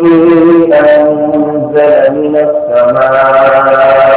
أنزل من السماء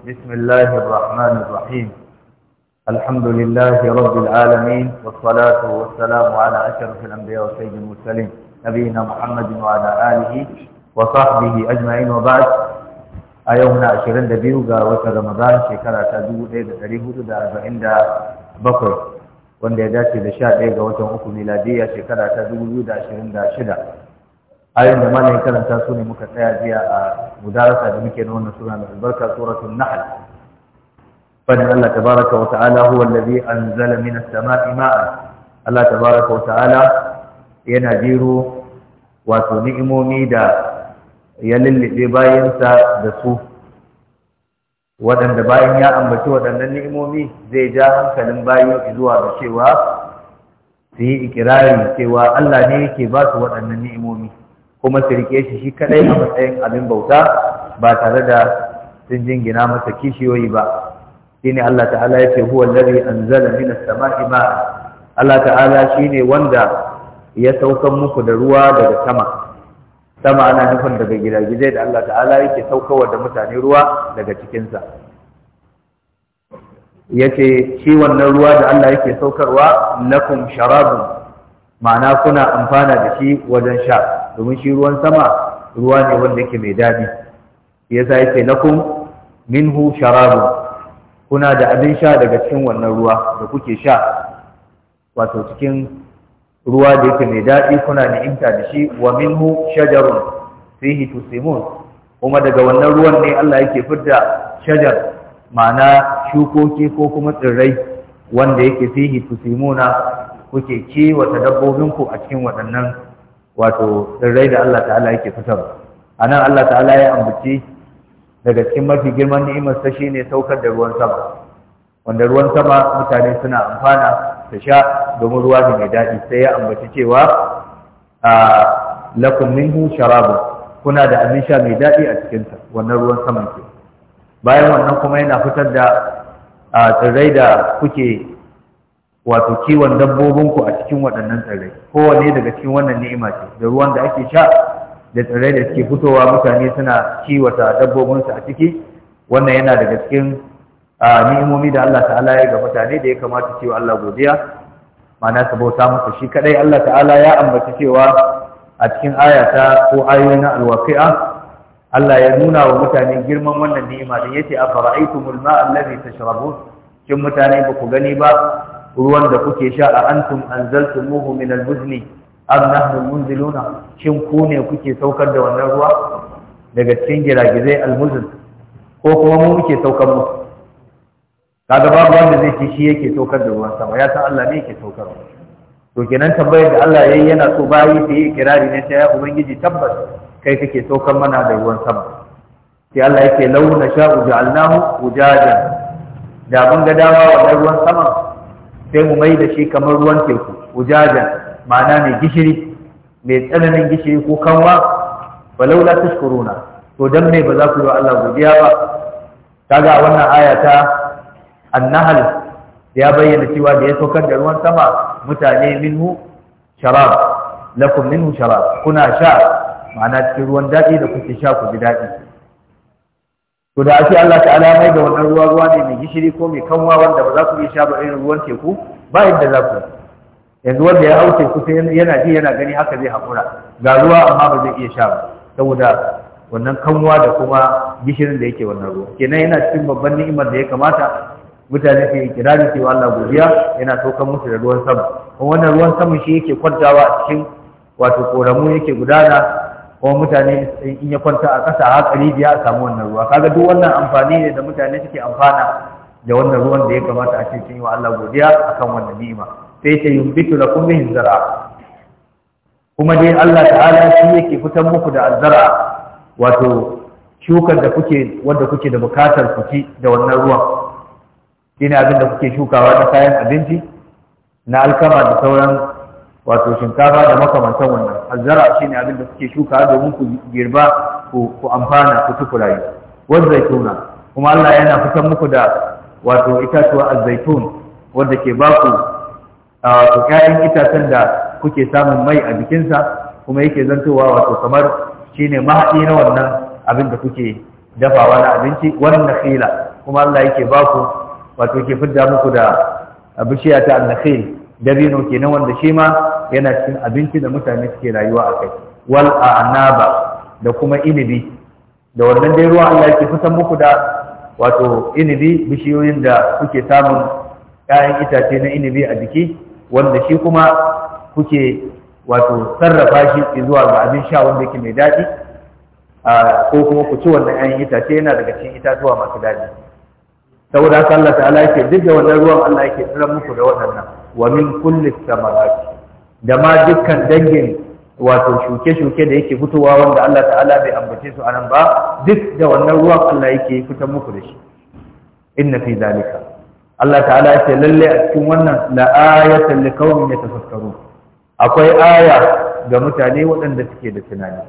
بسم الله الرحمن الرحيم الحمد لله رب العالمين والصلاة والسلام على أشرف الأنبياء وسيد yau muna ashirin Ramadan shekara wanda ya dace da sha ɗaya ga watan uku miladiyya shekara ta dubu ayoyin da malamin karanta su ne muka tsaya jiya a mudarasa da muke na wannan sura mai albarka suratul nahl fadin Allah tabaraka wa ta'ala huwa allazi anzala minas sama'i Allah tabaraka wa ta'ala yana jiro wato ni'imomi da ya lullube bayansa da su waɗanda bayan ya ambaci waɗannan ni'imomi zai ja hankalin bayi zuwa da cewa su yi ikirari cewa Allah ne yake ba su waɗannan ni'imomi kuma su rike shi shi kadai a matsayin abin bauta ba tare da sun jingina masa kishiyoyi ba shine Allah ta'ala Ya ce huwa allazi anzala minas sama'i ma'a Allah ta'ala shine wanda ya saukan muku da ruwa daga sama sama ana nufin daga gidagidai da Allah ta'ala yake saukawa da mutane ruwa daga cikinsa yace shi wannan ruwa da Allah yake saukarwa lakum sharabun ma'ana kuna amfana da shi wajen sha domin shi ruwan sama ruwa ne wanda yake mai daɗi yasa yake lakum minhu sharabu kuna da abin sha daga cikin wannan ruwa da kuke sha wato cikin ruwa da yake mai daɗi kuna ni'imta da shi wa minhu shajarun fihi tusimun kuma daga wannan ruwan ne Allah yake fidda shajar ma'ana shukoki ko kuma tsirrai wanda yake fihi tusimuna kuke kiwata dabbobinku a cikin waɗannan wato tsirrai da Allah ta'ala yake fitar. a nan Allah ta'ala ya ambaci daga cikin mafi girman ni'imar ta shi ne saukar da ruwan sama wanda ruwan sama mutane suna amfana ta sha domin ruwa ne mai daɗi sai ya ambaci cewa a lakum minhu sharabun kuna da abin sha mai daɗi a cikin ta. wannan ruwan sama ke bayan wannan kuma yana fitar da tsirrai da kuke wato kiwon dabbobinku a cikin waɗannan tsirrai kowane daga cikin wannan ni'ima ce da ruwan da ake sha da tsirrai da suke fitowa mutane suna kiwata dabbobinsu a ciki wannan yana daga cikin ni'imomi da Allah ta'ala ya ga mutane da ya kamata cewa Allah godiya ma'ana su bauta masa shi kadai Allah ta'ala ya ambaci cewa a cikin ayata ko ayoyi na alwaqi'a Allah ya nuna wa mutane girman wannan ni'ima da yace afara'aytumul ma'a allazi tashrabun kin mutane ba ku gani ba ruwan da kuke sha a antum anzaltumuhu min al-muzni am nahnu munziluna shin ku ne kuke saukar da wannan ruwa daga cikin giragizai al-muzn ko kuma mu muke saukar mu kaga babu wanda zai ce shi yake saukar da ruwan sama ya san Allah ne yake saukar to kenan tambayar da Allah yayi yana so bayi su yi kirari ne ta ya ubangiji tabbas kai kake saukar mana da ruwan sama sai Allah yake launa sha'u ja'alnahu ujajan da mun ga dama wannan ruwan sama sai mu mai da shi kamar ruwan teku ujajan ma'ana mai gishiri mai tsananin gishiri ko kanwa walau la tashkuruna to dan me ba za ku yi wa Allah godiya ba Ta ga wannan aya ta annahl ya bayyana cewa da ya saukar da ruwan sama mutane minhu sharab lakum minhu sharab kuna sha ma'ana cikin ruwan daɗi da kuke sha ku ji daɗi. to da ake Allah ta'ala mai da wannan ruwa ruwa ne mai gishiri ko mai kanwa wanda ba za ku iya sha ba irin ruwan teku ba yadda za ku yanzu wanda ya hau teku sai yana ji yana gani haka zai haƙura ga ruwa amma ba zai iya sha ba saboda wannan kanwa da kuma gishirin da yake wannan ruwa kenan yana cikin babban ni'imar da ya kamata mutane ke kirari cewa Allah godiya yana tokan musu da ruwan sama kuma wannan ruwan sama shi yake kwantawa a cikin wato koramu yake gudana kuma mutane in ya kwanta a ƙasa a haƙari biya a samu wannan ruwa kaga duk wannan amfani ne da mutane suke amfana da wannan ruwan da ya kamata a cikin yi wa Allah godiya akan wannan ni'ima sai ce yumbitu kuma yin zara kuma dai Allah ta'ala shi yake fitan muku da azzara wato shukar da kuke wanda kuke da bukatar ku ci da wannan ruwan shine abin da kuke shukawa na kayan abinci na alkama da sauran wato shinkafa da makamantan wannan azzara ne abin da suke shuka domin ku girba ku amfana ku tuku rayu wanda zaituna kuma Allah yana fitan muku da wato itatuwa azzaitun wanda ke ba ku wato kayan itacen da kuke samun mai a jikinsa kuma yake zantowa wato kamar shine mahaɗi na wannan abin da kuke dafawa na abinci wannan khila kuma Allah yake ba ku wato yake fidda muku da bishiya ta annakhil dabino kenan wanda shi ma yana cikin abinci da mutane suke rayuwa a kai wal a'naba da kuma inibi da wannan dai ruwan Allah yake kusan muku da wato inibi bishiyoyin da kuke samun ƴaƴan itace na inibi a jiki wanda shi kuma kuke wato sarrafa shi zuwa ga abin sha wanda yake mai daɗi ko kuma ku ci wannan ƴaƴan itace yana daga cikin itatuwa masu daɗi saboda haka Allah ta'ala yake duk da wannan ruwan Allah yake tsiran muku da waɗannan wa min kulli samarati da ma dukkan dangin wato shuke-shuke da yake fitowa wanda Allah ta'ala bai ambace su anan ba duk da wannan ruwan Allah yake fitar muku da shi inna fi zalika Allah ta'ala ya lalle a cikin wannan la ayatan qaumin yatafakkarun akwai aya ga mutane waɗanda suke da tunani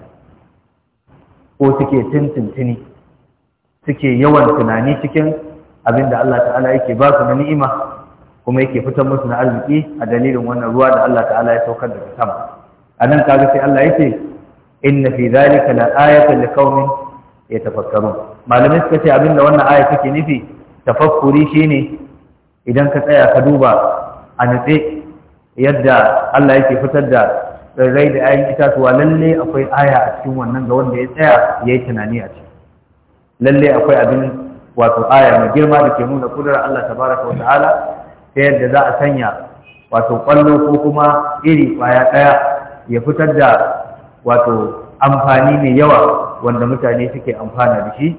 ko suke tuntuntuni suke yawan tunani cikin abinda Allah ta'ala yake ba su na ni'ima kuma yake fitar musu na arziki a dalilin wannan ruwa da Allah ta'ala ya saukar daga sama a nan kaga sai Allah yake inna fi zalika la ayatan liqaumin yatafakkarun malamai suka ce abinda wannan aya take nufi tafakkuri shine idan ka tsaya ka duba a nutse yadda Allah yake fitar da tsirrai da ayin itatuwa lalle akwai aya a cikin wannan ga wanda ya tsaya ya yi tunani a ciki lalle akwai abin wato aya mai girma da ke nuna kudurar Allah tabaraka wa ta'ala ta yadda za a sanya wato kwallo ko kuma iri kwaya ɗaya ya fitar da wato amfani mai yawa wanda mutane suke amfana da shi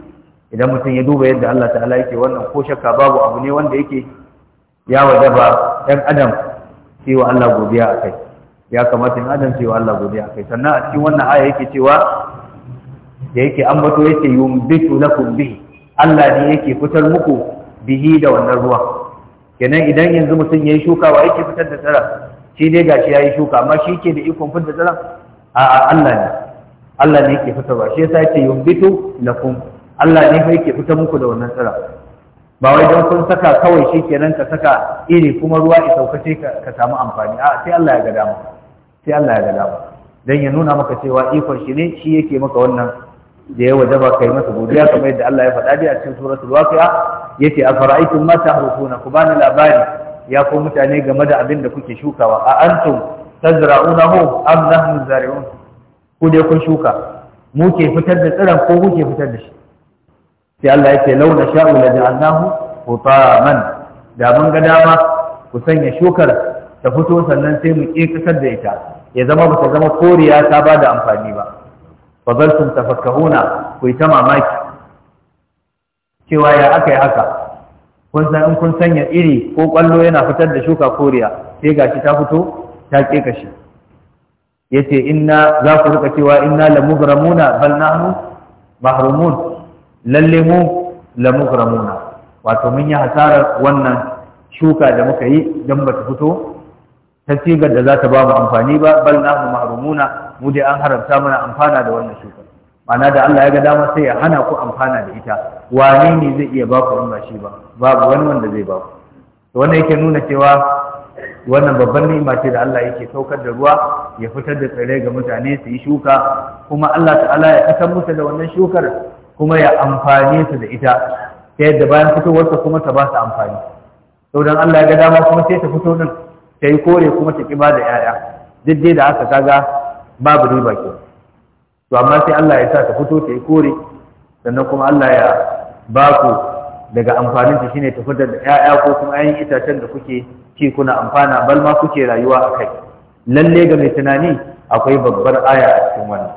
idan mutum ya duba yadda Allah ta'ala yake wannan ko shakka babu abu ne wanda yake ya wajaba ɗan adam cewa Allah godiya a kai ya kamata ɗan adam cewa Allah godiya a kai sannan a cikin wannan aya yake cewa da yake ambato yake yumbitu lakum bihi Allah ne yake fitar muku bihi da wannan ruwan. kenan idan yanzu mutum ya yi shuka wa yake fitar da tsara shi dai gashi ya yi shuka amma shi ke da ikon fitar da tsara a Allah ne Allah ne yake fitarwa shi yasa yake na kun. Allah ne fa yake fitar muku da wannan tsara ba wai don kun saka kawai shi kenan ka saka iri kuma ruwa ya saukace ka samu amfani a sai Allah ya ga dama sai Allah ya ga dama dan ya nuna maka cewa ikon shi ne shi yake maka wannan da ya wajaba kai masa godiya kamar yadda Allah ya faɗa a cikin suratul waqi'a yace mata ma na ku bani labari ya ko mutane game da abin da kuke shukawa a antum tazra'unahu am nahnu zari'un ku dai kun shuka mu ke fitar da tsiran ko mu ke fitar da shi sai Allah yake law na sha'u la ja'alnahu hutaman da mun ga dama ku sanya shukar ta fito sannan sai mu ke kasar da ita ya zama ba ta zama koriya ta bada amfani ba fa zaltum tafakkahuna ku yi ta mamaki cewa ya aka yi haka kun san in kun sanya iri ko kwallo yana fitar da shuka koriya sai gashi ta fito ta kekashi yace inna za ku rika cewa inna lamugramuna bal nahnu mahrumun lalle mu lamugramuna wato mun yi hasarar wannan shuka da muka yi don ba ta fito ta cigar da za ta ba mu amfani ba bal nahnu mahrumuna mu dai an haramta mana amfana da wannan shuka ana da Allah ya ga dama sai ya hana ku amfana da ita wane ne zai iya ba ku ba shi ba babu wani wanda zai ba ku to wannan yake nuna cewa wannan babban ni'ima ce da Allah yake saukar da ruwa ya fitar da tsirrai ga mutane su yi shuka kuma Allah ta'ala ya kasar musu da wannan shukar kuma ya amfane su da ita ta yadda bayan fitowarsa kuma ta ba su amfani Sau don Allah ya ga dama kuma sai ta fito nan, ta yi kore kuma ta kiba da 'ya'ya duk dai da haka kaga babu riba kenan to amma sai Allah ya sa ta fito ta yi kore sannan kuma Allah ya ba ku daga amfanin ta shine ta fitar da 'ya'ya ko kuma ayin itacen da kuke ci kuna amfana bal ma kuke rayuwa a kai lalle ga mai tunani akwai babbar aya a cikin wannan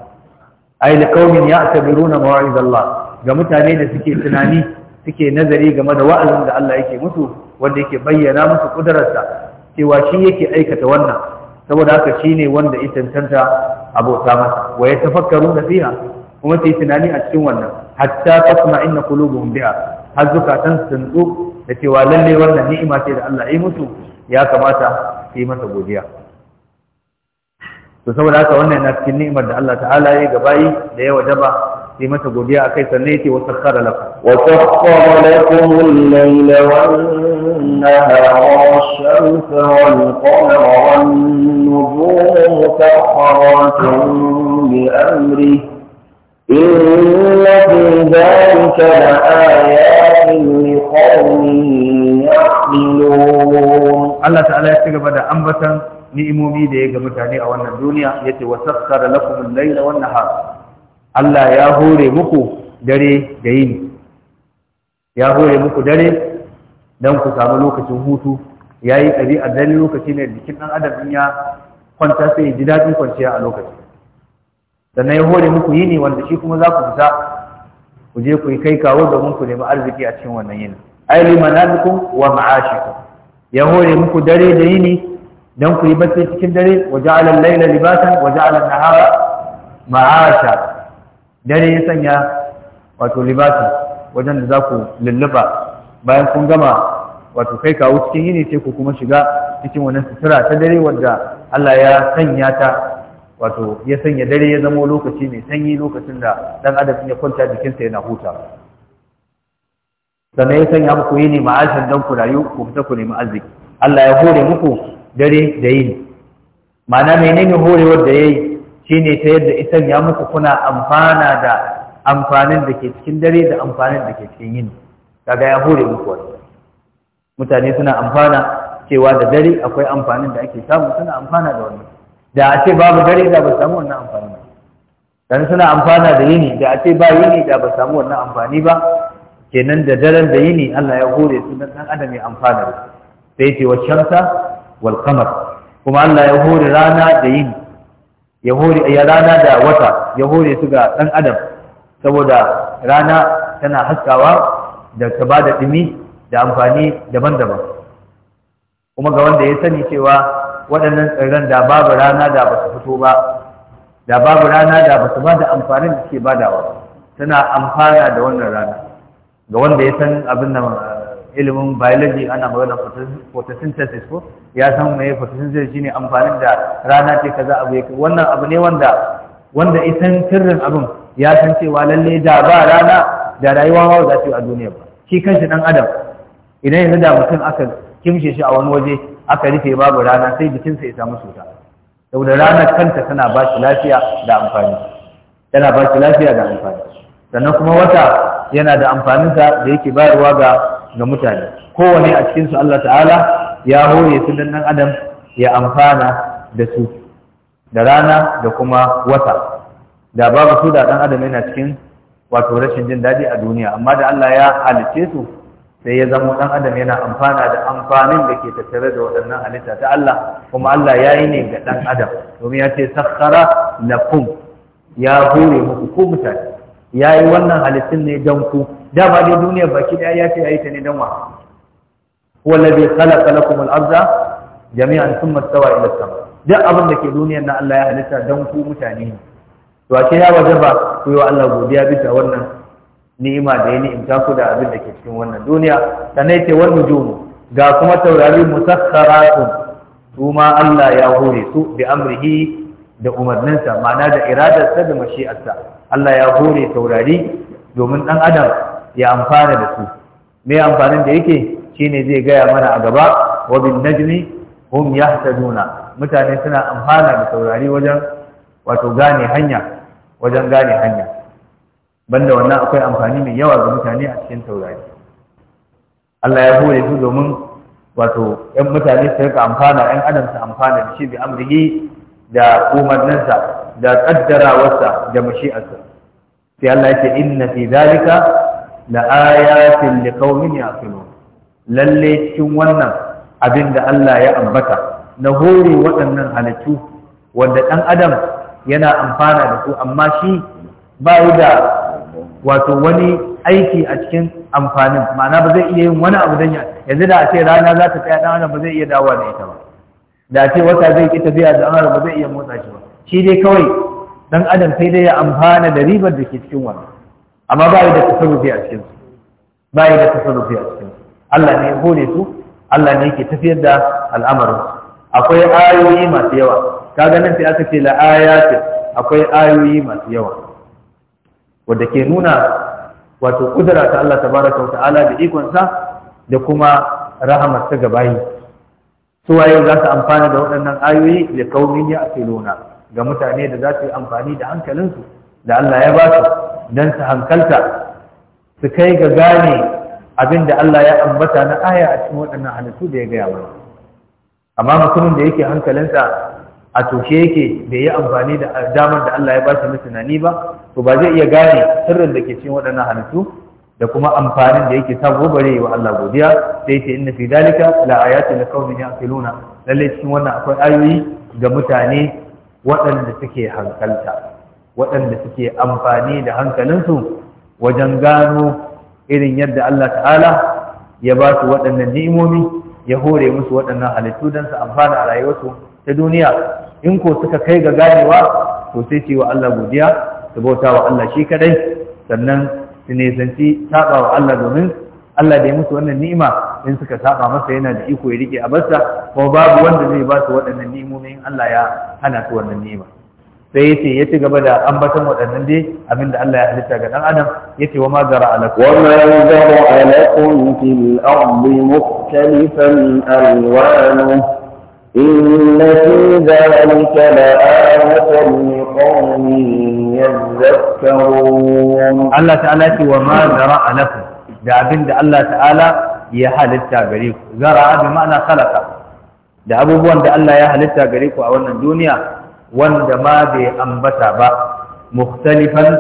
ay liqaumin ya'tabiruna mawa'iz Allah ga mutane da suke tunani suke nazari game da wa'azin da Allah yake musu wanda yake bayyana musu kudararsa cewa shi yake aikata wannan saboda haka shine wanda ya a abota masa wa yatafakkaruna tafiya? kuma sai tunani a cikin wannan hatta tasma'inna qulubuhum biha har zukatan sun tsu da cewa lalle wannan ni'ima ce da Allah ya musu ya kamata su yi masa godiya to saboda haka wannan na cikin ni'imar da Allah ta'ala ya gabayi da ya wajaba yi mata godiya a kai sannan yake wasu kara lakum al-layla lakum laila wannan hawa shamsa wal qamara wan nujuma mutaqaratun bi amri inna fi dhalika la ayatin liqaumin yaqilun Allah ta'ala ya ci da ambatan ni'imomi da ya ga mutane a wannan duniya yace wasakhkhara lakum al-laila wan nahara Allah ya hore muku dare da yini ya hore muku dare don ku samu lokacin hutu ya yi a dare lokaci ne jikin ɗan adam ya kwanta sai ji daɗin kwanciya a lokaci sannan ya hore muku yini wanda shi kuma za ku fita ku je ku yi kai kawo domin ku nemi arziki a cikin wannan yini aili manamikum wa ma'ashikum ya hore muku dare da yini don ku yi bacci cikin dare wa ja'ala al-laila libasan wa ja'ala an-nahara ma'asha dare ya sanya wato libasi wajen da za ku lulluba bayan kun gama wato kai kawo cikin yini ce ku kuma shiga cikin wannan sutura ta dare wadda Allah ya sanya ta wato ya sanya dare ya zama lokaci mai sanyi lokacin da dan adam ya kwanta jikinsa yana huta sannan ya sanya muku yini ma'ashin dan ku rayu ku fita ku nemi arziki Allah ya hore muku dare da yini ma'ana menene horewar da yayi Shi ne ta yadda isan ya muku kuna amfana da amfanin da ke cikin dare da amfanin da ke cikin yini kaga ya hore muku wani mutane suna amfana cewa da dare akwai amfanin da ake samu suna amfana da wannan da a ce babu dare da ba samu wannan amfani ba dan suna amfana da yini da a ce ba yini da ba samu wannan amfani ba kenan da daren da yini Allah ya hore su dan dan adam ya amfana da sai ce wa shamsa wal qamar kuma Allah ya hore rana da yini ya hore ya rana da wata ya hore su ga dan adam saboda rana tana haskawa da ta ba da ɗumi da amfani daban-daban kuma ga wanda ya sani cewa waɗannan tsirran da babu rana da ba su fito ba da babu rana da ba su ba da amfanin da ke badawa tana amfana da wannan rana ga wanda ya san abin nan ilimin biology ana magana photosynthesis ko ya san mai photosynthesis shine amfani da rana ce kaza abu yake wannan abu ne wanda wanda isan sirrin abun ya san cewa lalle da ba rana da rayuwa ma za ta yi a duniya ba shi kanshi dan adam idan yanzu da mutum aka kimshe shi a wani waje aka rufe babu rana sai jikinsa ya samu cuta saboda ranar kanta tana ba shi lafiya da amfani tana ba shi lafiya da amfani sannan kuma wata yana da amfanin sa da yake bayarwa ga ga mutane kowane a cikinsu Allah ta'ala ya hore su dan adam ya amfana da su da rana da kuma wata da babu su da dan adam yana cikin wato rashin jin daɗi a duniya amma da Allah ya halice su sai ya zama ɗan adam yana amfana da amfanin da ke tattare da waɗannan halitta ta Allah kuma Allah ya yi ne ga ɗan adam domin ya ce sakhara lakum ya hore muku ku mutane ya yi wannan halittun ne don ku dama dai duniyar baki daya ya ce yayi ta ne don wa huwa allazi khalaqa lakum al jami'an sun stawa ila sama duk abin da ke duniyar na Allah ya halitta dan ku mutane ne to a ce ya wajaba ku yi wa Allah godiya bisa wannan ni'ima da ya ni'imta ku da abin da ke cikin wannan duniya sannan ce wani jumu ga kuma taurari musakkaratun su ma Allah ya hore su bi amrihi da umarninsa ma'ana da iradarsa da mashi'arsa Allah ya hore taurari domin ɗan adam ya amfana da su me amfanin da yake shine zai gaya mana a gaba wa bin najmi hum yahtaduna mutane suna amfana da saurari wajen wato gane hanya wajen gane hanya banda wannan akwai amfani mai yawa ga mutane a cikin saurari Allah ya hore su domin wato ‘yan mutane su rika amfana ‘yan adam su amfana da shi bi amrihi da umarninsa da kaddarawarsa da mashi'arsa sai Allah ya ce inna fi zalika la ayatin li qaumin yaqilun lalle cikin wannan abin da Allah ya ambata na hori waɗannan halittu wanda ɗan adam yana amfana da su amma shi ba yi da wato wani aiki a cikin amfanin ma'ana ba zai iya yin wani abu don yanzu da a ce rana za ta tsaya ɗan adam ba zai iya dawowa da ita ba da a ce wata zai ƙi tafiya da ɗan ba zai iya motsa shi ba shi dai kawai ɗan adam sai dai ya amfana da ribar da ke cikin wannan amma ba da tasarrufi a cikin ba yi da tasarrufi a cikin Allah ne ya hore su Allah ne yake tafiyar da al'amarin akwai ayoyi masu yawa kaga nan sai aka ce la ayatin akwai ayoyi masu yawa wanda ke nuna wato kudura ta Allah tabaraka wa ta'ala da ikon sa da kuma rahama ta gabayi su waye za su amfana da waɗannan ayoyi da kaumin ya ga mutane da za su yi amfani da hankalinsu da Allah ya ba su don su hankalta su kai ga gane abin da Allah ya ambata na aya a cikin waɗannan halittu da ya gaya mana amma mutumin da yake hankalinsa a toshe yake bai yi amfani da damar da Allah ya ba shi na tunani ba to ba zai iya gane sirrin da ke cikin waɗannan halittu da kuma amfanin da yake sabo bare wa Allah godiya sai ce inna fi dalika la ayatin liqaumin yaqiluna lalle cikin wannan akwai ayoyi ga mutane waɗanda suke hankalta waɗanda suke amfani da hankalinsu wajen gano irin yadda Allah ta'ala ya ba su waɗannan ni'imomi ya hore musu waɗannan halittu don su amfana a rayuwarsu ta duniya in ko suka kai ga ganewa to sai ce wa Allah godiya su bauta wa Allah shi kadai sannan su nisanci saba wa Allah domin Allah da ya musu wannan ni'ima in suka saba masa yana da iko ya rike a barsa kuma babu wanda zai ba su waɗannan in Allah ya hana su wannan ni'ima sai yace ya ci gaba da ambaton waɗannan dai abinda Allah ya halitta ga dan adam yace wa ma zara alakum wa ma zara alakum fil ardi mukhtalifan alwanu inna fi dhalika la'ayatan liqawmin yadhakkarun Allah ta'ala ce wa ma zara alakum da abinda Allah ta'ala ya halitta gare ku zara bi ma'ana khalaqa da abubuwan da Allah ya halitta gare ku a wannan duniya wanda ma bai ambata ba mukhtalifan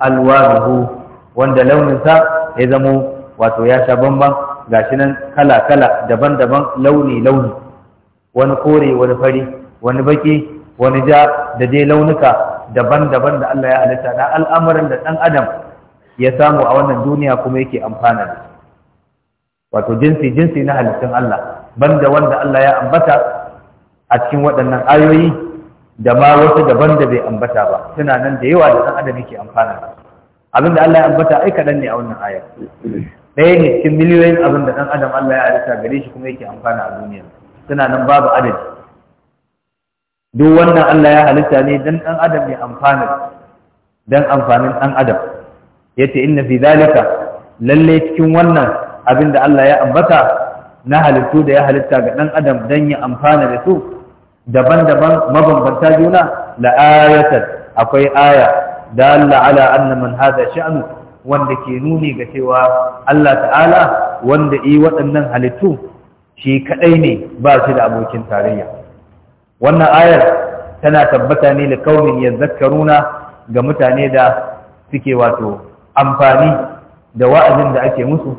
alwanuhu wanda launinsa ya zamo wato ya sha bamban gashi nan kala kala daban-daban launi launi wani kore wani fari wani baki wani ja da dai launuka daban-daban da Allah ya halitta na al'amuran da ɗan adam ya samu a wannan duniya kuma yake amfana da wato jinsi jinsi na halittun Allah banda wanda Allah ya ambata a cikin waɗannan ayoyi da ma wasu daban da bai ambata ba suna nan da yawa da ɗan adam yake amfana da abin da Allah ya ambata ai kaɗan ne a wannan ayar ɗaya ne cikin miliyoyin abin da ɗan adam Allah ya halitta gare shi kuma yake amfana a duniya suna nan babu adadi duk wannan Allah ya halitta ne dan ɗan adam ya amfana dan amfanin ɗan adam yace inna fi zalika lalle cikin wannan abin da Allah ya ambata na halittu da ya halitta ga ɗan adam dan ya amfana da su daban-daban mabambanta juna la ayatan akwai aya da ala anna man hada sha'nu wanda ke nuni ga cewa Allah ta'ala wanda yi waɗannan halittu shi kadai ne ba shi da abokin tarayya wannan ayar tana tabbata ne da kaumin zakaruna ga mutane da suke wato amfani da wa'azin da ake musu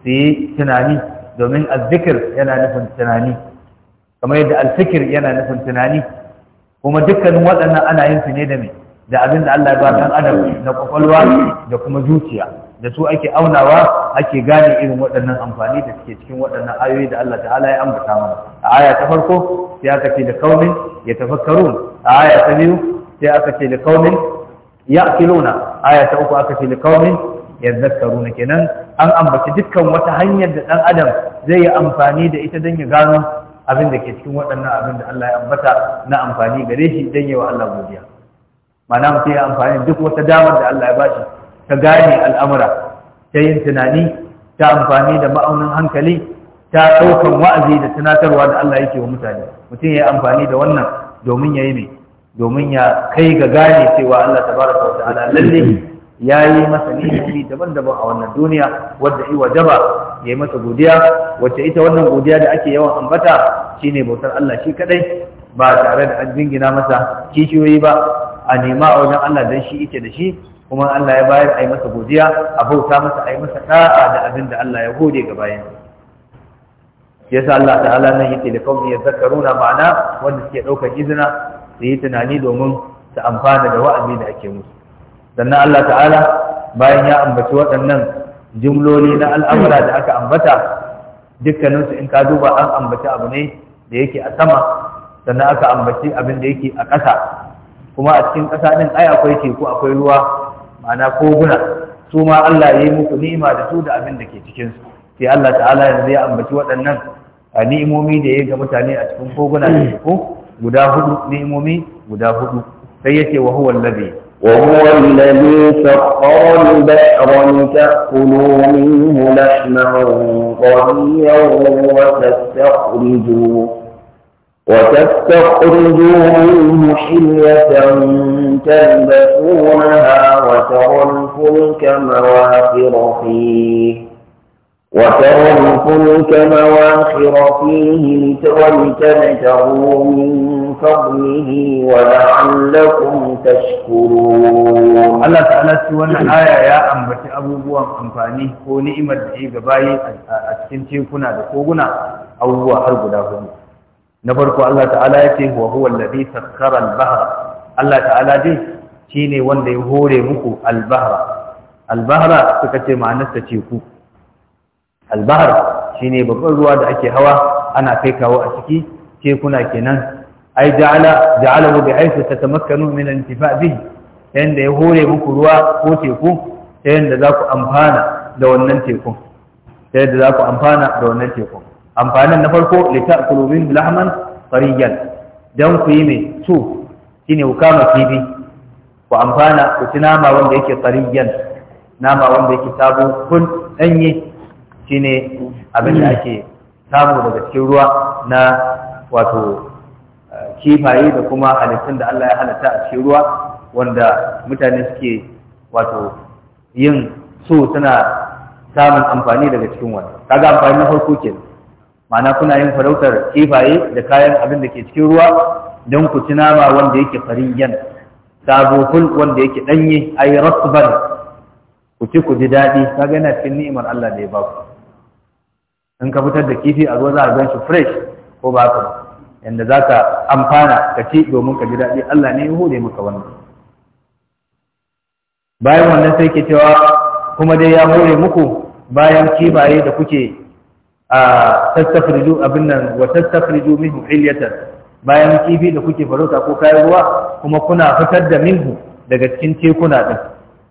su yi tunani domin azzikir yana nufin tunani kamar yadda alfikir yana nufin tunani kuma dukkanin waɗannan ana yin su ne da mai da abin da Allah ya ba dan adam na kwakwalwa da kuma zuciya da su ake aunawa ake gane irin waɗannan amfani da suke cikin waɗannan ayoyi da Allah ta'ala ya ambata mana a aya ta farko sai aka ce da kaumin ya tafakkaru a aya ta biyu sai aka ce da kaumin ya akiluna aya ta uku aka ce da kaumin ya zakaru kenan an ambaci dukkan wata hanyar da ɗan adam zai yi amfani da ita don ya gano abin da ke cikin waɗannan abin da Allah ya ambata na amfani gare shi don yi wa Allah godiya ma'ana mutum ya amfani duk wata damar da Allah ya bashi ta gane al'amura ta yin tunani ta amfani da ma'aunin hankali ta ɗaukan wa'azi da tunatarwa da Allah yake wa mutane mutum ya amfani da wannan domin ya yi mai domin ya kai ga gane cewa Allah tabaraka wa ta'ala lalle ya yi masa ni'imomi daban-daban a wannan duniya wadda iwa jaba ya yi masa godiya wacce ita wannan godiya da ake yawan ambata shine bautar Allah shi kadai ba tare da an jingina masa kishiyoyi ba a nema a wajen Allah dan shi yake da shi kuma Allah ya bayar a yi masa godiya a bauta masa a yi masa da'a da abin da Allah ya gode ga bayan yasa Allah ta'ala nan yake da kawai ya zakaruna ma'ana wanda suke ɗaukar izina su yi tunani domin su amfana da wa'azi da ake musu sannan Allah ta'ala bayan ya ambaci waɗannan jimloli na al'amura da aka ambata dukkaninsu in ka duba an ambaci abu ne da yake a sama sannan aka ambaci abin da yake a ƙasa kuma a cikin ƙasa ɗin ai akwai teku akwai ruwa ma'ana koguna su ma Allah ya yi muku ni'ima da su da abin da ke cikinsu sai Allah ta'ala yanzu ya ambaci waɗannan ni'imomi da ya ga mutane a cikin koguna da teku guda hudu ni'imomi guda hudu sai ya ce wa huwa allazi وهو الذي سخر البحر لتأكلوا منه لحما طريا وتستخرجوا وتستخرجوا منه حلية تلبسونها وترى الفلك مواخر فيه وترى الفلك مواخر فيه ولتبتغوا من فضله ولعلكم تشكرون الله تعالى سوانا آية يا أم بتي أبو بوام أمفاني هو نعمة دعي قبائي أتكنتين كنا دقوقنا أو هو حرب داهم نبرك الله تعالى يتي وهو الذي سخر البحر الله تعالى دي شيني وان دي هوري مكو البحر البحر سكتي معنى ستيكو albahar shi ne babban ruwa da ake hawa ana kai kawo a ciki tekuna kenan ai ja'ala ja'alahu bi haythu tatamakkanu min al-intifa' bihi yanda ya hore muku ruwa ko teku ta yanda za ku amfana da wannan tekun ta yanda za ku amfana da wannan tekun amfanin na farko li ta'kulu min lahman tariyan dan ku yi mai to shine ku kama kifi ku amfana ku ci nama wanda yake tariyan nama wanda yake sabo kun danye shine abin da ake samu daga cikin ruwa na wato kifaye da kuma halittun da Allah ya halatta a cikin ruwa wanda mutane suke wato yin so suna samun amfani daga cikin wani kaga amfani na farko ke ma'ana kuna yin farautar kifaye da kayan abin da ke cikin ruwa don ku ci nama wanda yake fariyan sabofin wanda yake danye ai rasban ku ci ku ji daɗi kaga yana cikin ni'imar Allah da ya ba in ka fitar da kifi a ruwa za a shi fresh ko ba ka ba yanda za ka amfana ka ci domin ka ji daɗi Allah ne ya hode maka wannan bayan wannan sai ke cewa kuma dai ya hore muku bayan kifaye da kuke a tastakhriju abin nan wa tastakhriju min hilyatan bayan kifi da kuke farauta ko kayan ruwa kuma kuna fitar da minhu daga cikin tekuna din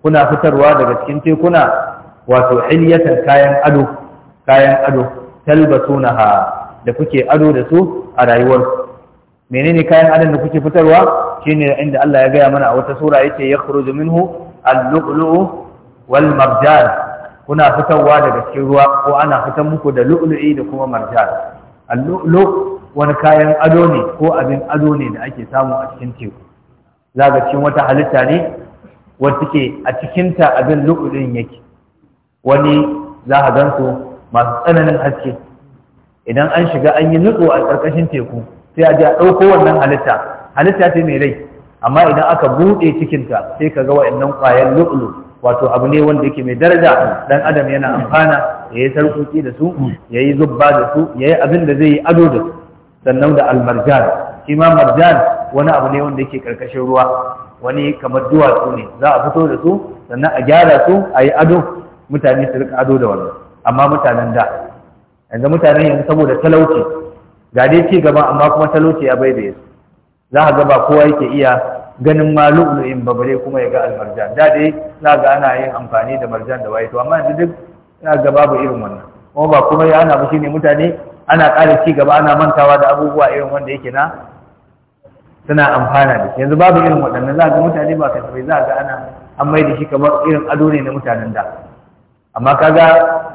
kuna fitarwa daga cikin tekuna wato hilyatan kayan ado kayan ado ha da kuke ado da su a rayuwar menene kayan adon da kuke fitarwa shine inda Allah ya gaya mana a wata sura yace yakhruju minhu al-lu'lu'u wal marjan kuna fitarwa daga cikin ruwa ko ana fitar muku da lu'lu'i da kuma marjan al-lu'lu wani kayan ado ne ko abin ado ne da ake samu a cikin teku zaga cikin wata halitta ne wacce ke a cikinta abin lu'lu'in yake wani za a gansu masu tsananin haske idan an shiga an yi nutso a ƙarƙashin teku sai a ji a ɗauko wannan halitta halitta ce mai rai amma idan aka buɗe cikinta sai ka ga wa'annan ƙwayan lu'lu wato abu ne wanda yake mai daraja dan adam yana amfana ya yi sarƙoƙi da su ya yi zubba da su ya yi abin da zai yi ado da su sannan da almarjan shi ma marjan wani abu ne wanda yake ƙarƙashin ruwa wani kamar duwatsu ne za a fito da su sannan a gyara su a yi ado mutane su rika ado da wannan amma mutanen da yanzu mutanen yanzu saboda talauci ga dai ci gaba amma kuma talauci ya bai da yanzu, za ka ga ba kowa yake iya ganin ma lu'ulu'in babare kuma ya ga almarjan da dai za ga ana yin amfani da marjan da waye to amma yanzu duk za ga babu irin wannan kuma ba kuma ya ana ba shine mutane ana ƙara ci gaba ana mantawa da abubuwa irin wanda yake na suna amfana da shi yanzu babu irin waɗannan za ga mutane ba kasafai za ga ana an mai da shi kamar irin ado ne na mutanen da amma kaga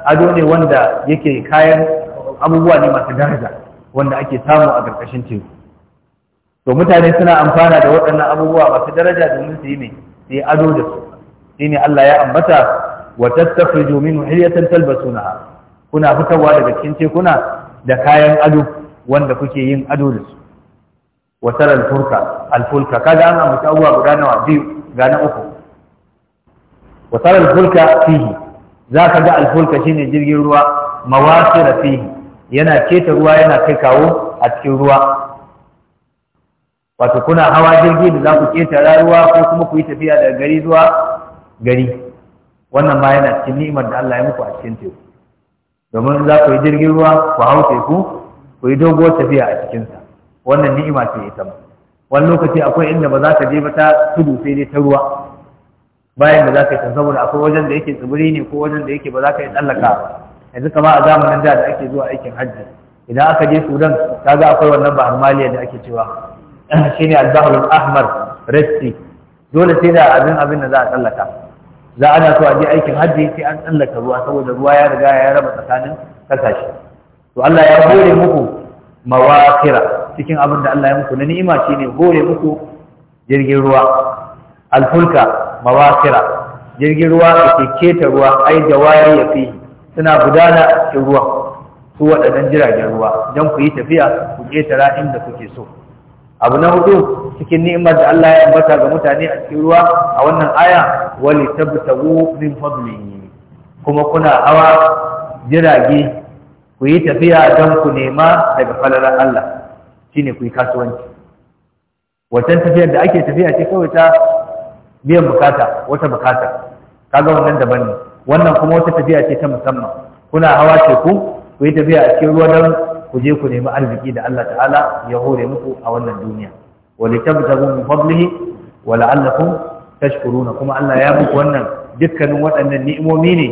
ado ne wanda yake kayan abubuwa ne masu daraja wanda ake samu a ƙarƙashin teku to mutane suna amfana da waɗannan abubuwa masu daraja domin su yi ne sai ado da su shine Allah ya ambata wa tattakhriju minhu hilyatan talbasunaha kuna fitawa daga cikin tekuna da kayan ado wanda kuke yin ado da su wa taral furka al kaga an ambata abubuwa guda nawa biyu ga na uku wa taral fulka fihi za ka ga alfulka ne jirgin ruwa mawasira rafi yana keta ruwa yana kai kawo a cikin ruwa wato kuna hawa jirgi da za ku keta ruwa ko kuma ku yi tafiya daga gari zuwa gari wannan ma yana cikin ni'imar da Allah ya muku a cikin teku domin za ku yi jirgin ruwa ku hau teku ku yi doguwar tafiya a cikinsa wannan ni'ima ce ita ma wani lokaci akwai inda ba za ka je ba ta tudu sai dai ta ruwa bayan da za ka yi saboda akwai wajen da yake tsibiri ne ko wajen da yake ba za ka yi tsallaka ba yanzu kama a zamanin da da ake zuwa aikin hajji idan aka je sudan ga akwai wannan maliya da ake cewa shine al-bahrul ahmar red dole sai da abin abin da za a tsallaka za ana so a je aikin hajji sai an tsallaka ruwa saboda ruwa ya riga ya raba tsakanin kasashe to Allah ya hore muku mawakira cikin abin da Allah ya muku na ni'ima shine hore muku jirgin ruwa alfulka mawakira jirgin ruwa da ke keta ruwa ai da waye ya fi suna gudana a cikin ruwan su waɗannan jiragen ruwa don ku yi tafiya ku ƙetara inda kuke so abu na hudu cikin ni'imar da Allah ya ambata ga mutane a cikin ruwa a wannan aya wali tabtagu min fadlihi kuma kuna hawa jirage ku yi tafiya don ku nema daga falalar Allah shine ku yi kasuwanci wannan tafiyar da ake tafiya ce kawai ta biyan bukata wata bukata kaga wannan daban ne wannan kuma wata tafiya ce ta musamman kuna hawa teku ku yi tafiya a cikin ruwa don ku je ku nemi arziki da Allah ta'ala ya hore muku a wannan duniya wa litabtagu min fadlihi wa la'allakum tashkuruna kuma Allah ya muku wannan dukkanin waɗannan ni'imomi ne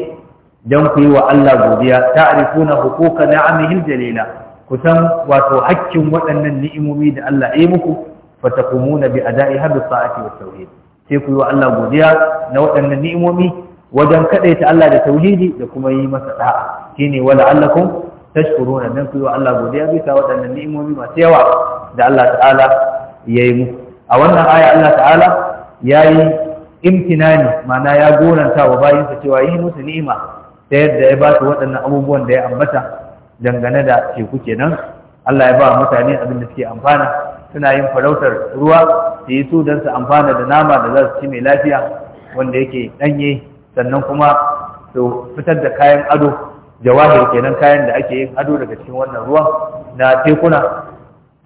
don ku yi wa Allah godiya ta'rifuna huquqa ni'amihil jalila ku san wato hakkin waɗannan ni'imomi da Allah ya yi muku fatakumuna bi ada'iha bi sa'ati wa tauhid sai ku yi wa Allah godiya na waɗannan ni'imomi wajen kaɗaita Allah da tauhidi da kuma yi masa da'a shine wala allakum tashkuruna dan ku yi wa Allah godiya bisa waɗannan ni'imomi masu yawa da Allah ta'ala ya yi mu a wannan aya Allah ta'ala ya yi imtinani ma'ana ya goranta wa bayinsa cewa yi musu ni'ima ta yadda ya ba su waɗannan abubuwan da ya ambata dangane da teku kenan Allah ya ba mutane abin da suke amfana suna yin farautar ruwa su yi su su amfana da nama da za su ci mai lafiya wanda yake ɗanye sannan kuma su fitar da kayan ado jawahi kenan kayan da ake yin ado daga cikin wannan ruwa na tekuna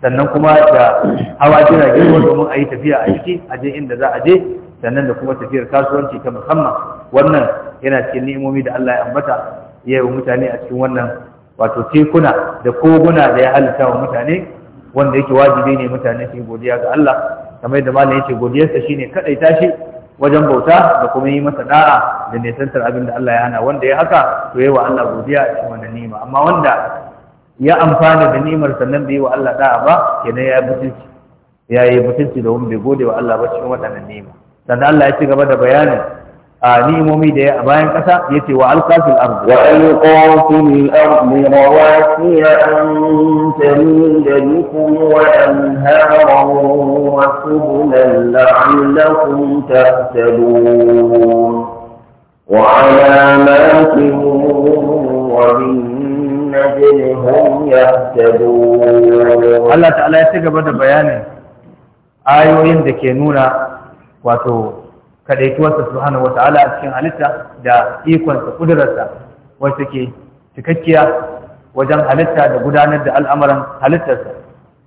sannan kuma da hawa jirage ruwa domin a yi tafiya a ciki a je inda za a je sannan da kuma tafiyar kasuwanci ta musamman wannan yana cikin ni'imomi da Allah ya ambata ya yi wa mutane a cikin wannan wato tekuna da koguna da ya halitta wa mutane wanda yake wajibi ne mutane su godiya ga Allah kamar yadda malam yake godiyarsa shine kadai tashi wajen bauta da kuma yi masa da'a da nisantar abin da Allah ya hana wanda ya haka to yayi wa Allah godiya shi wannan ni'ima amma wanda ya amfana da ni'imar sannan bai yi wa Allah da'a ba kenan ya mutunci ya yi mutunci da wanda bai gode wa Allah ba cikin wadannan ni'ima sannan Allah ya ci gaba da bayanin a mumi da ya a bayan ƙasa ya ce wa alƙafil arzu wa alƙafil arzu rawati an tani da wa anharan wa subulan la'allakum tahtadun wa alamatin wa binnajihum yahtadun Allah ta'ala ya ci gaba da bayanin ayoyin da ke nuna wato kadaituwarsa subhanahu wata'ala a cikin halitta da ikonsa kudurarsa wacce ke cikakkiya wajen halitta da gudanar da al'amuran halittarsa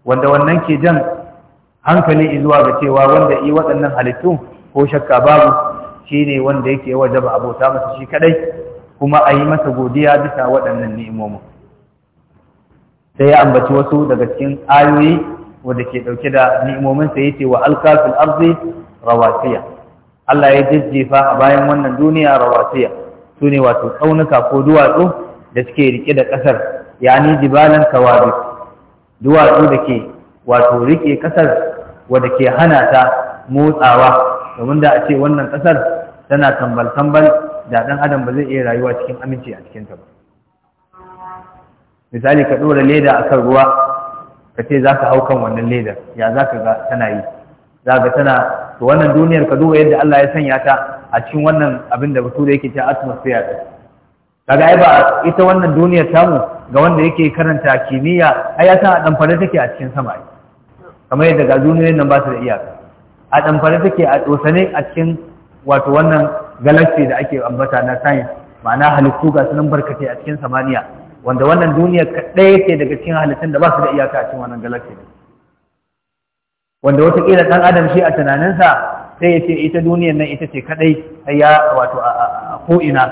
wanda wannan ke jan hankali zuwa ga cewa wanda yi waɗannan halittu ko shakka babu shine wanda yake wajaba abota masa shi kadai kuma a yi masa godiya bisa waɗannan ni'imomin sai ya ambaci wasu daga cikin ayoyi wanda ke ɗauke da ni'imomin sa yace wa alkafin arzi rawasiya Allah ya jajjefa a bayan wannan duniya rawasiya su ne wato tsaunuka ko duwatsu da suke rike da ƙasar yani jibalan kawabi duwatsu da ke wato rike ƙasar wadda ke hana ta motsawa domin da a ce wannan ƙasar tana tambal-tambal da ɗan adam ba zai iya rayuwa cikin aminci a cikinta ba misali ka ɗora leda a kan ruwa ka ce za ka hau kan wannan ledar ya za ka ga tana yi Za ka tana to wannan duniyar ka duba yadda Allah ya sanya ta a cikin wannan abin da bature yake ta atmosphere kaga ai ba ita wannan duniyar tamu ga wanda yake karanta kimiyya ai ya san a fara take a cikin sama kamar yadda ga duniyar nan ba ta da iyaka a fara take a dosane a cikin wato wannan galaxy da ake ambata na science ma'ana halittu ga sunan barkatai a cikin samaniya wanda wannan duniyar kaɗai yake daga cikin halittun da ba su da iyaka a cikin wannan galaxy wanda watakila ɗan adam shi a tunaninsa sai ya ce ita duniyar nan ita ce kadai sai ya wato a ko'ina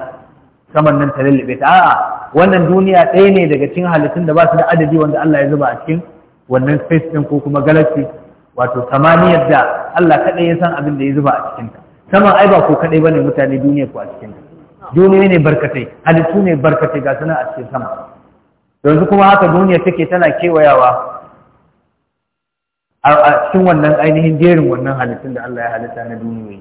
saman nan ta lullube ta a'a wannan duniya ɗaya ne daga cikin halittun da ba su da adadi wanda Allah ya zuba a cikin wannan space din ko kuma galaxy wato samaniyar da Allah kadai ya san abin da ya zuba a cikin ta saman ai ba ko kadai bane mutane duniya ko a cikin ta duniya ne barkatai halittu ne barkatai ga suna a cikin sama yanzu kuma haka duniya take tana kewayawa a cikin wannan ainihin jerin wannan halittun da Allah ya halitta na duniyoyi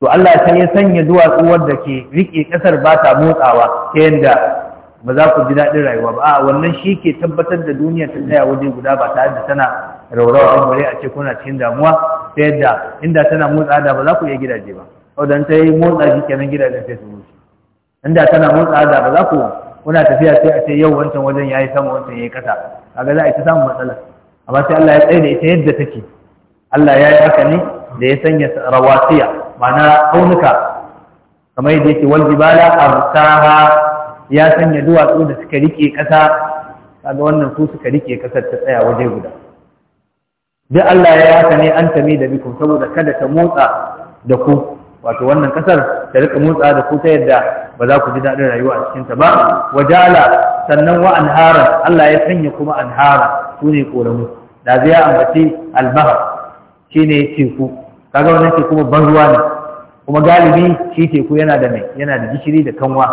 to Allah sai ya sanya duwatsu wanda ke rike kasar ba ta motsawa ta yanda ba za ku ji daɗin rayuwa ba a wannan shi ke tabbatar da duniya ta tsaya waje guda ba tare da tana raurawa ba bare a ce kuna cikin damuwa ta yadda inda tana motsa da ba za ku iya gidaje ba saboda ta yi motsa shi kenan gidajen sai su mutu inda tana motsa da ba za ku kuna tafiya sai a ce yau wancan wajen ya yi sama wancan yi kasa kaga za a yi ta samun matsala amma sai Allah ya tsaye da ita yadda take Allah ya yi haka ne da ya sanya rawasiya ma'ana aunuka kamar yadda yake wal jibala arsaha ya sanya duwatsu da suka rike kasa kaga wannan su suka rike kasar ta tsaya waje guda duk Allah ya yi haka ne an tami da bikum saboda kada ta motsa da ku wato wannan kasar ta rika motsa da ku ta yadda ba za ku ji daɗin rayuwa a cikinta ba wajala sannan wa anhara Allah ya sanya kuma anhara su ne koramu da zai ya ambaci albaha shi ne teku kaga wannan teku babban ruwa ne kuma galibi shi teku yana da mai yana da gishiri da kanwa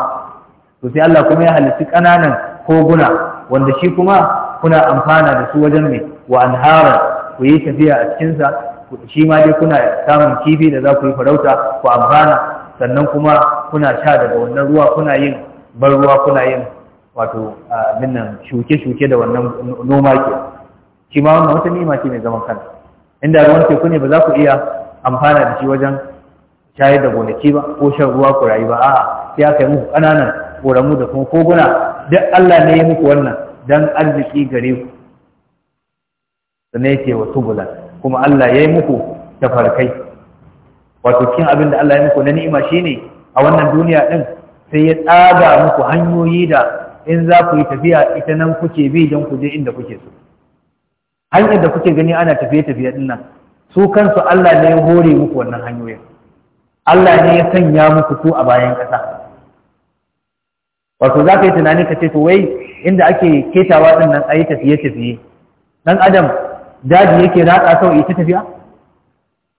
to sai Allah kuma ya halitti ƙananan koguna wanda shi kuma kuna amfana da su wajen mai wa anhara ku yi tafiya a cikinsa shi ma dai kuna samun kifi da za ku yi farauta ku amfana sannan kuma kuna sha daga wannan ruwa kuna yin ban ruwa kuna yin wato nan shuke-shuke da wannan noma ke shi ma wannan wata nima ce mai zaman kanta inda ruwan teku ne ba za ku iya amfana da shi wajen shayar da gonaki ba ko shan ruwa ku rayu ba a'a sai aka yi muku ƙananan ƙoramu da kuma koguna duk Allah ne ya muku wannan dan arziki gare ku sannan ce wa tubulan kuma Allah ya yi muku tafarkai wato cikin abin da Allah ya muku na ni'ima shine a wannan duniya din sai ya tsaga muku hanyoyi da in za ku yi tafiya ita nan kuke bi don ku je inda kuke so hanyar da kuke gani ana tafiye-tafiye din nan su kansu Allah ne ya hore muku wannan hanyoyin Allah ne ya sanya muku su a bayan ƙasa wato za ka yi tunani ka ce to wai inda ake ketawa din nan a yi tafiye-tafiye dan adam daji yake ratsa sau ita tafiya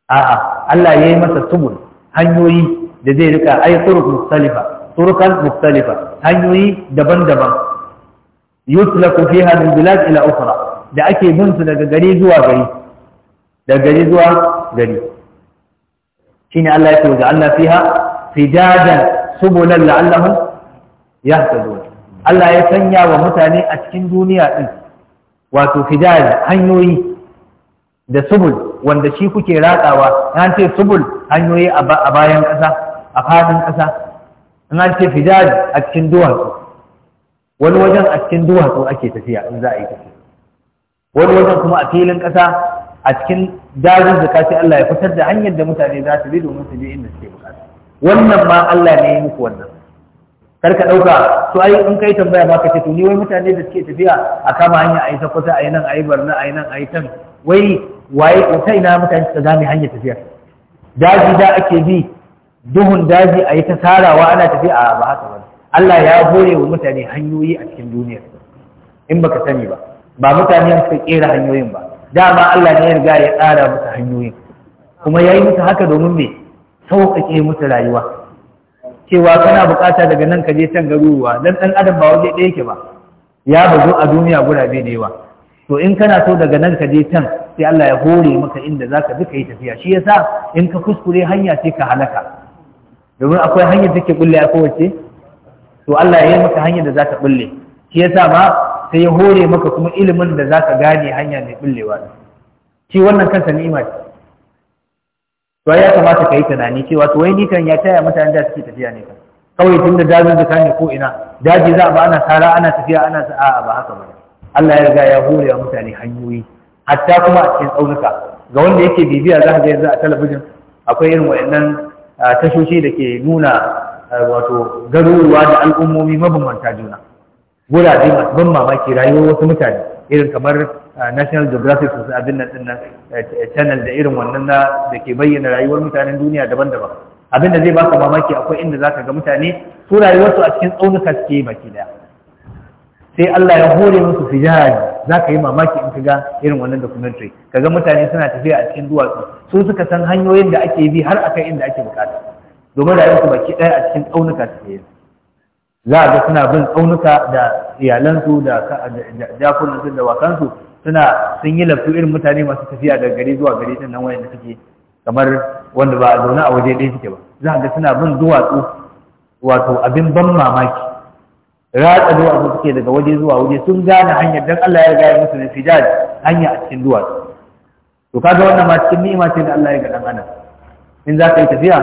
a'a Allah ya yi masa subul hanyoyi da zai rika ai turuq mustalifa hanyoyi daban-daban yuslaku fiha min bilad ila ukhra da ake bin su daga gari zuwa gari daga gari zuwa gari shine Allah ya ce ga Allah fiha fidadan subulan la'allahum yahtadun Allah ya sanya wa mutane a cikin duniya din wato fidad hanyoyi da subul wanda shi kuke ratsawa ya ce subul hanyoyi a bayan ƙasa a fadin ƙasa in an ce fidad a cikin duwatsu wani wajen a cikin duwatsu ake tafiya in za a yi tafiya wani wajen kuma a filin ƙasa a cikin dajin zaka sai Allah ya fitar da hanyar da mutane za su bi domin su je inda suke bukata wannan ma Allah ne ya muku wannan kar ka ɗauka to ai in kai tambaya ma ka ce to ni wai mutane da suke tafiya a kama hanya a yi ta kusa a yi nan a yi barna a yi nan a yi can wai waye ko kai na mutane suka zame hanyar tafiya daji da ake bi duhun daji a yi ta tarawa ana tafiya a ba haka ba Allah ya hore wa mutane hanyoyi a cikin duniya in baka sani ba ba mutane suka kera hanyoyin ba dama Allah ne ya riga ya tsara musu hanyoyin kuma yayi yi musu haka domin me sauƙaƙe musu rayuwa cewa kana bukata daga nan ka je can garuruwa dan dan adam ba waje ɗaya yake ba ya bazo a duniya gurabe da yawa to in kana so daga nan ka je can sai Allah ya hore maka inda zaka bi ka yi tafiya shi yasa in ka kuskure hanya sai ka halaka domin akwai hanyar take bulle a kowace to Allah ya yi maka hanyar da zaka bulle shi yasa ma sai ya hore maka kuma ilimin da zaka gane hanya mai bullewa shi wannan kansa ni'ima ce to ya kamata ka yi tunani cewa to wai ni kan ya taya mutane da suke tafiya ne kan kawai tun da da ne ko ina daji za a ba ana sara ana tafiya ana a'a ba haka ba Allah ya riga ya hore wa mutane hanyoyi hatta kuma a cikin tsaunuka ga wanda yake bibiya za ka ga yanzu a talabijin akwai irin waɗannan tashoshi da ke nuna wato garuruwa da al'ummomi mabambanta juna wurare masu ban mamaki rayuwar wasu mutane irin kamar national geographic su abin nan dinnan channel da irin wannan da ke bayyana rayuwar mutanen duniya daban-daban abin da zai baka mamaki akwai inda zaka ga mutane su rayuwarsu a cikin tsaunuka suke baki daya sai Allah ya hore musu fijihari za ka yi mamaki in kaga irin wannan documentary ga mutane suna tafiya a cikin duwatsu su suka san hanyoyin da ake bi har akan inda ake bukata domin da su baki ɗaya a cikin tsaunuka su yi za a ga suna bin tsaunuka da iyalansu da jakunansu da wakansu suna sun yi lafu irin mutane masu tafiya daga gari zuwa gari din nan wayanda suke kamar wanda ba a zaune a waje ɗaya suke ba za a ga suna bin duwatsu wato abin ban mamaki ratsa duwatsu suke daga waje zuwa waje sun gane hanyar dan Allah ya gaya musu na fijaj hanya a cikin duwatsu to kaga wannan ma cikin ni'ima ce da Allah ya ga dan in za ka yi tafiya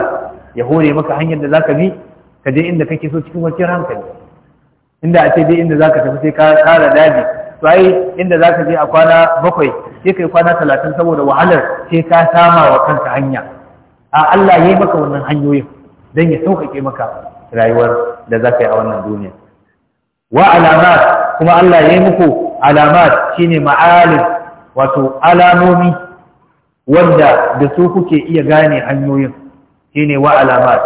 ya hore maka hanyar da za ka bi ka je inda kake so cikin wancan hankali inda a ce dai inda za ka tafi sai ka kara daji to ai inda za ka je a kwana bakwai sai kai kwana talatin saboda wahalar sai ka sama wa kanka hanya a Allah ya yi maka wannan hanyoyin don ya sauƙaƙe maka rayuwar da za ka yi a wannan duniya wa alamat kuma Allah ya yi muku alamat shine ma'alim wato alamomi wanda da su kuke iya gane hanyoyin shine wa alamat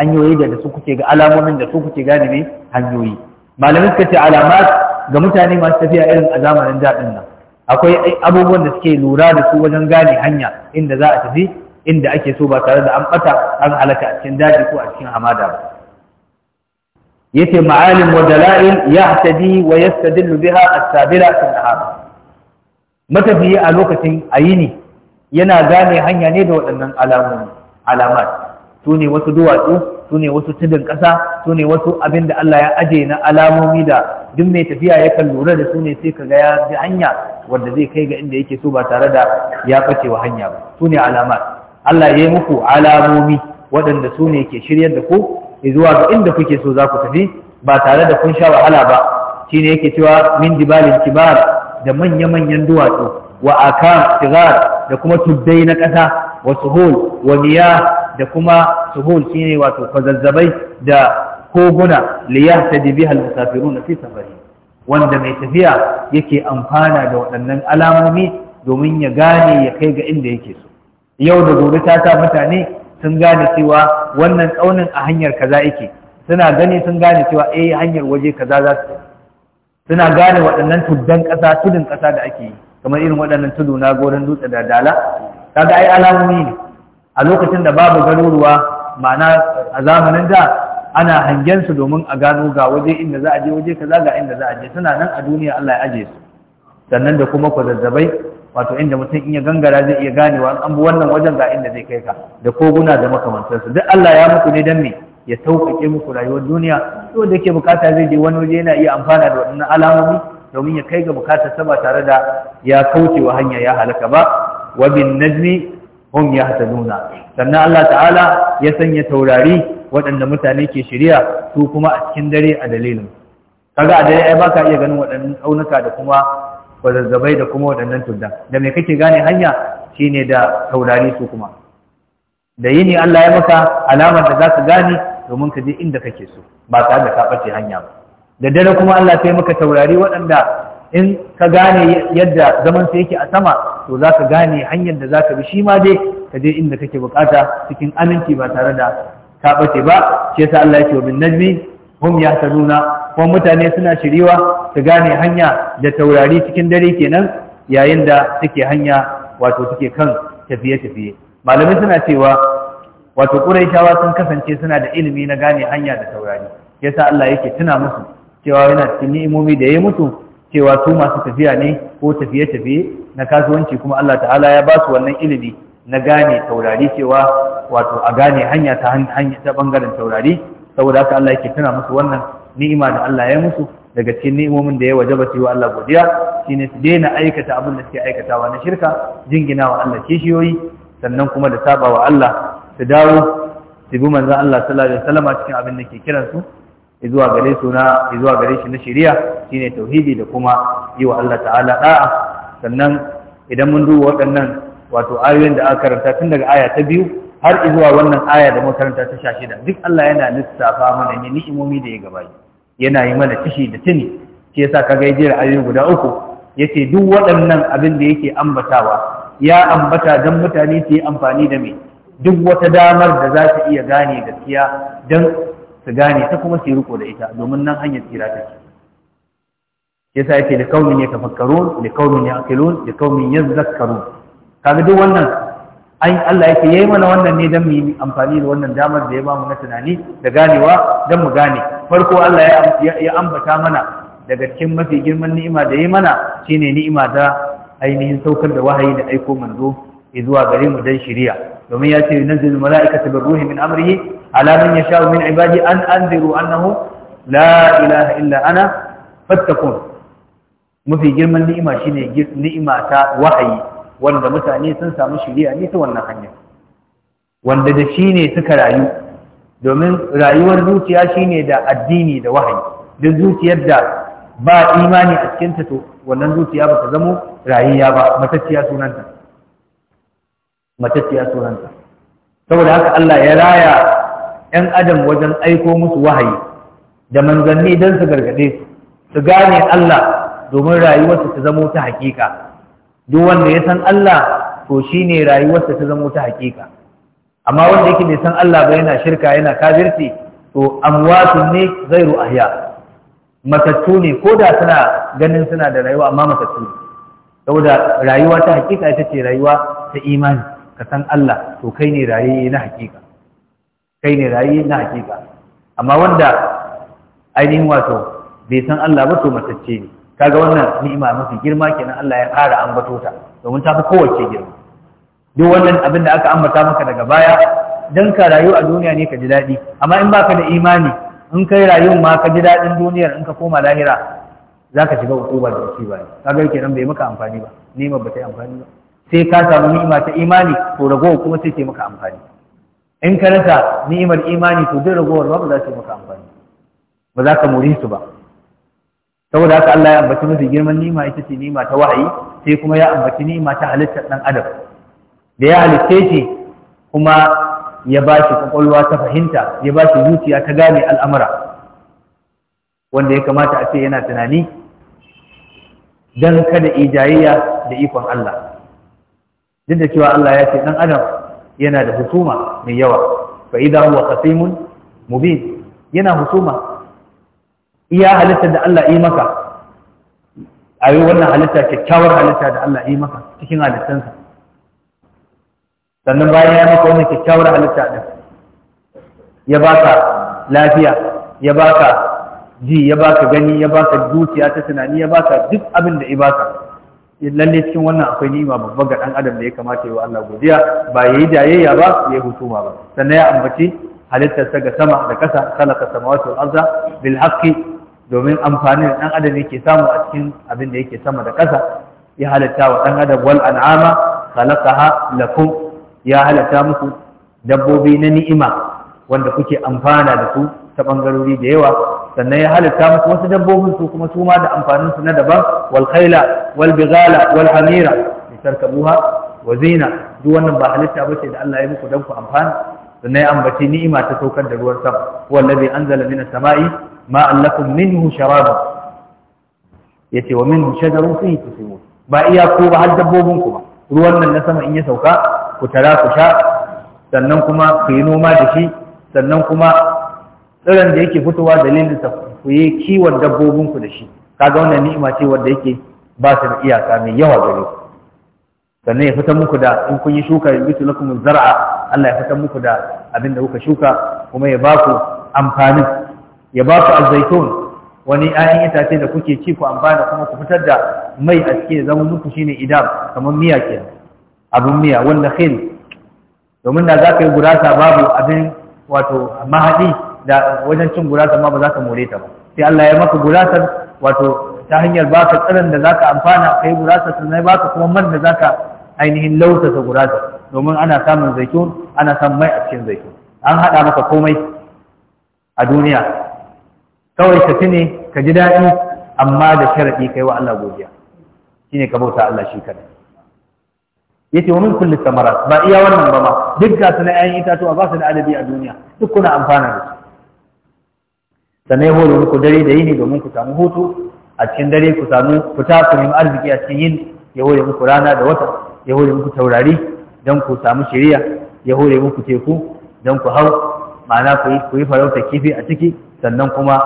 hanyoyi da su kuke ga alamomin da su kuke gane ne hanyoyi malamai suka ce alamat ga mutane masu tafiya irin a zamanin daɗin nan akwai abubuwan da suke lura da su wajen gane hanya inda za a tafi inda ake so ba tare da an ɓata an halaka a cikin daji ko a cikin hamada ba yace ma'alim wa dalail yahtadi wa yastadillu biha as-sabila fi nahar matafiyi a lokacin ayini yana gane hanya ne da waɗannan alamomi alamat su ne wasu duwatsu su ne wasu tudun ƙasa su ne wasu abin da Allah ya aje na alamomi da duk mai tafiya yakan lura da su ne sai ka ga ya bi hanya wanda zai kai ga inda yake so ba tare da ya facewa wa hanya ba su ne alamat Allah ya yi muku alamomi waɗanda su ne ke shiryar da ku zuwa ga inda kuke so za ku tafi ba tare da kun sha wahala ba shi ne yake cewa min dibalin kibar da manya-manyan duwatsu wa aka sigar da kuma tuddai na ƙasa wa suhul wa miya da kuma suhul ne wato kwazazzabai da koguna liyahtadi biha al na fi safari wanda mai tafiya yake amfana da waɗannan alamomi domin ya gane ya kai ga inda yake so yau da gobe ta sa mutane sun gane cewa wannan tsaunin a hanyar kaza yake suna gani sun gane cewa eh hanyar waje kaza za su suna gane waɗannan tuddan ƙasa tudun ƙasa da ake yi kamar irin waɗannan tudu na goron dutse da dala kaga ai alamomi ne a lokacin da babu garuruwa ma'ana a zamanin da ana hangen su domin a gano ga waje inda za a je waje kaza ga inda za a je suna nan a duniya Allah ya aje su sannan da kuma kwazazzabai wato inda mutum in ya gangara zai iya ganewa an bi wannan wajen ga inda zai kai ka da koguna da makamantarsu duk Allah ya muku ne dan me ya sauƙaƙe muku rayuwar duniya to da yake bukata zai je wani waje yana iya amfana da waɗannan alamomi domin ya kai ga bukatar sama tare da ya wa hanya ya halaka ba wa bin najmi hum yahtaduna sannan Allah ta'ala ya sanya taurari waɗanda mutane ke shirya su kuma a cikin dare a dalilin kaga a dare ai baka iya ganin waɗannan aunuka da kuma wazazzabai da kuma waɗannan tunda da mai kake gane hanya shine da taurari su kuma da yini Allah ya maka alamar da za ka gane domin ka je inda kake so ba tare da ka ɓace hanya ba da dare kuma Allah sai maka taurari waɗanda in ka gane yadda zaman su yake a sama to za ka gane hanyar da za ka bi shi ma dai ka je inda kake bukata cikin aminci ba tare da ka ɓace ba shi yasa Allah ya ce wa bin najmi hum yahtaduna ko mutane suna shiriwa su gane hanya da taurari cikin dare kenan yayin da suke hanya wato suke kan tafiye-tafiye malamai suna cewa wato ƙuraishawa sun kasance suna da ilimi na gane hanya da taurari yasa Allah yake tuna musu cewa yana cikin ni'imomi da ya mutu cewa su masu tafiya ne ko tafiye-tafiye na kasuwanci kuma Allah ta'ala ya ba su wannan ilimi na gane taurari cewa wato a gane hanya ta hanya ta bangaren taurari saboda haka Allah yake tuna musu wannan ni'ima da Allah ya musu daga cikin ni'imomin da ya waje wajaba cewa Allah godiya shine su daina aikata abin da suke aikatawa na shirka jingina wa Allah kishiyoyi sannan kuma da saba wa Allah su dawo su bi manzon Allah sallallahu alaihi wasallam cikin abin da ke kiran su zuwa gare su na zuwa gare shi na shari'a shine tauhidi da kuma yi wa Allah ta'ala da'a sannan idan mun duba waɗannan wato ayoyin da aka karanta tun daga aya ta biyu har zuwa wannan aya da makaranta ta sha shida duk Allah yana lissafa mana ne ni'imomi da ya gabayi yana yi mana tishi da tuni shi yasa ka ga jira ayoyi guda uku yace duk waɗannan abin da yake ambatawa ya ambata dan mutane su yi amfani da me duk wata damar da za ta iya gane gaskiya dan su gane ta kuma su riko da ita domin nan hanyar tsira take yasa yake da kaumin ya tafakkarun da kaumin ya akilun da kaumin ya zakkarun kaga duk wannan an Allah yake yayi mana wannan ne dan mu yi amfani da wannan damar da ya ba mu na tunani da ganewa dan mu gane farko Allah ya ambata mana daga cikin mafi girman ni'ima da yi mana shine ni'ima ta ainihin saukar da wahayi da aiko manzo zuwa gare mu dan shiriya domin ya ce yunzilu malaikata bir ruhi min amrihi ala man yasha'u min ibadi an anziru annahu la ilaha illa ana fattakun mafi girman ni'ima shine ni'ima ta wahayi wanda mutane sun samu shiriya ne ta wannan hanya wanda da shine suka rayu domin rayuwar zuciya shine da addini da wahayi duk zuciyar da ba imani a cikinta to wannan zuciya ba ta zamo rayuwa ba matacciya sunanta matacciya sunanta saboda haka Allah ya raya 'yan adam wajen aiko musu wahayi da manzanni don su gargade su su gane Allah domin rayuwarsa ta zamo ta hakika duk wanda ya san Allah to shine rayuwarsa ta zamo ta hakika amma wanda yake bai san Allah ba yana shirka yana kafirci to amwatu ne zairu ahya matattu ne ko da suna ganin suna da rayuwa amma matattu ne saboda rayuwa ta hakika ita ce rayuwa ta imani ka san Allah to kai ne raye na hakika kai ne raye na hakika amma wanda ainihin wato bai san Allah ba to matacce ne kaga wannan ni'ima mafi girma kenan Allah ya ƙara ambato ta domin ta fi kowace girma duk wannan abin da aka ambata maka daga baya dan ka rayu a duniya ne ka ji daɗi amma in baka da imani in kai rayuwar ma ka ji daɗin duniyar in ka koma lahira za ka shiga hukuma da wasu ba kaga nan bai maka amfani ba ne ba ta yi amfani ba sai ka samu ni'ima ta imani to ragowar kuma sai ke maka amfani in ka rasa ni'imar imani to duk ragowar ba za su yi maka amfani ba za ka muri su ba saboda haka Allah ya ambaci mafi girman ni'ima ita ce ni'ima ta wahayi sai kuma ya ambaci ni'ima ta halittar dan adam da ya halitte shi kuma ya ba shi kwakwalwa ta fahimta ya ba shi zuciya ta gane al'amura wanda ya kamata a ce yana tunani don kada ijayayya da ikon Allah duk da cewa Allah ya ce ɗan adam yana da husuma mai yawa fa idan huwa qasimun mubin yana husuma iya halitta da Allah yi maka ayi wannan halitta kyakkyawar halitta da Allah yi maka cikin halittansa sannan bayan ya maka wani kyakkyawar halitta din ya baka lafiya ya baka ji ya baka gani ya baka dukiya ta tunani ya baka duk abin da ya baka lalle cikin wannan akwai ni'ima babba ga dan adam da ya kamata ya wa Allah godiya ba yayi jayayya ba yayi hutuma ba sannan ya ambaci halittar sa ga sama da kasa khalaqa samawati wal arda bil haqqi domin amfanin dan adam yake samu a cikin abin da yake sama da kasa ya halitta wa dan adam wal an'ama khalaqaha lakum ya halatta muku dabbobi na ni'ima wanda kuke amfana da su ta bangarori da yawa sannan ya halatta musu wasu dabbobin su kuma su ma da amfanin su na daban wal khayla wal bigala wal hamira litarkabuha wa zina duk wannan ba halitta bace da Allah ya muku dan ku amfana sannan ya ambaci ni'ima ta saukar da ruwan sama huwa allazi anzala minas sama'i ma'an lakum minhu sharabun yace wa minhu shajarun fihi tusimun ba iya ko ba har dabbobin ku ba ruwan nan na sama in ya sauka ku tara ku sha sannan kuma ku yi noma da shi sannan kuma tsiron da yake fitowa dalilin sa ku yi kiwon dabbobin ku da shi kaga wannan ni'ima ce wanda yake ba su da iyaka mai yawa gare ku sannan ya fitar muku da in kun yi shuka bi lakum zar'a Allah ya fitar muku da abin da kuka shuka kuma ya ba ku amfanin ya ba ku azzaitun wani 'ya'yan itace da kuke ci ku amfana kuma ku fitar da mai a cikin zama muku shine idan kamar miya kenan abin miya wanda khil domin da za ka yi gurasa babu abin wato mahaɗi da wajen cin gurasa ma ba za ka more ta ba sai Allah ya maka gurasa wato ta hanyar ba ka tsirin da za ka amfana ka yi gurasa sannan ba ka kuma man da za ka ainihin lautasa gurasa domin ana samun zaitun ana samun mai a cikin zaitun an haɗa maka komai a duniya kawai ka tune ka ji daɗi amma da sharaɗi ka yi wa Allah godiya shine ka bauta Allah shi kadai yace wa min kulli samarat ba iya wannan ba ma duk ga su na 'ya'yan itatuwa ba su da adadi a duniya duk kuna amfana da su sannan ya hore muku dare da yini domin ku samu hutu a cikin dare ku samu fita ku nemi arziki a cikin yin ya hore muku rana da wata ya hore muku taurari don ku samu shiriya ya hore muku teku don ku hau ma'ana ku yi farauta kifi a ciki sannan kuma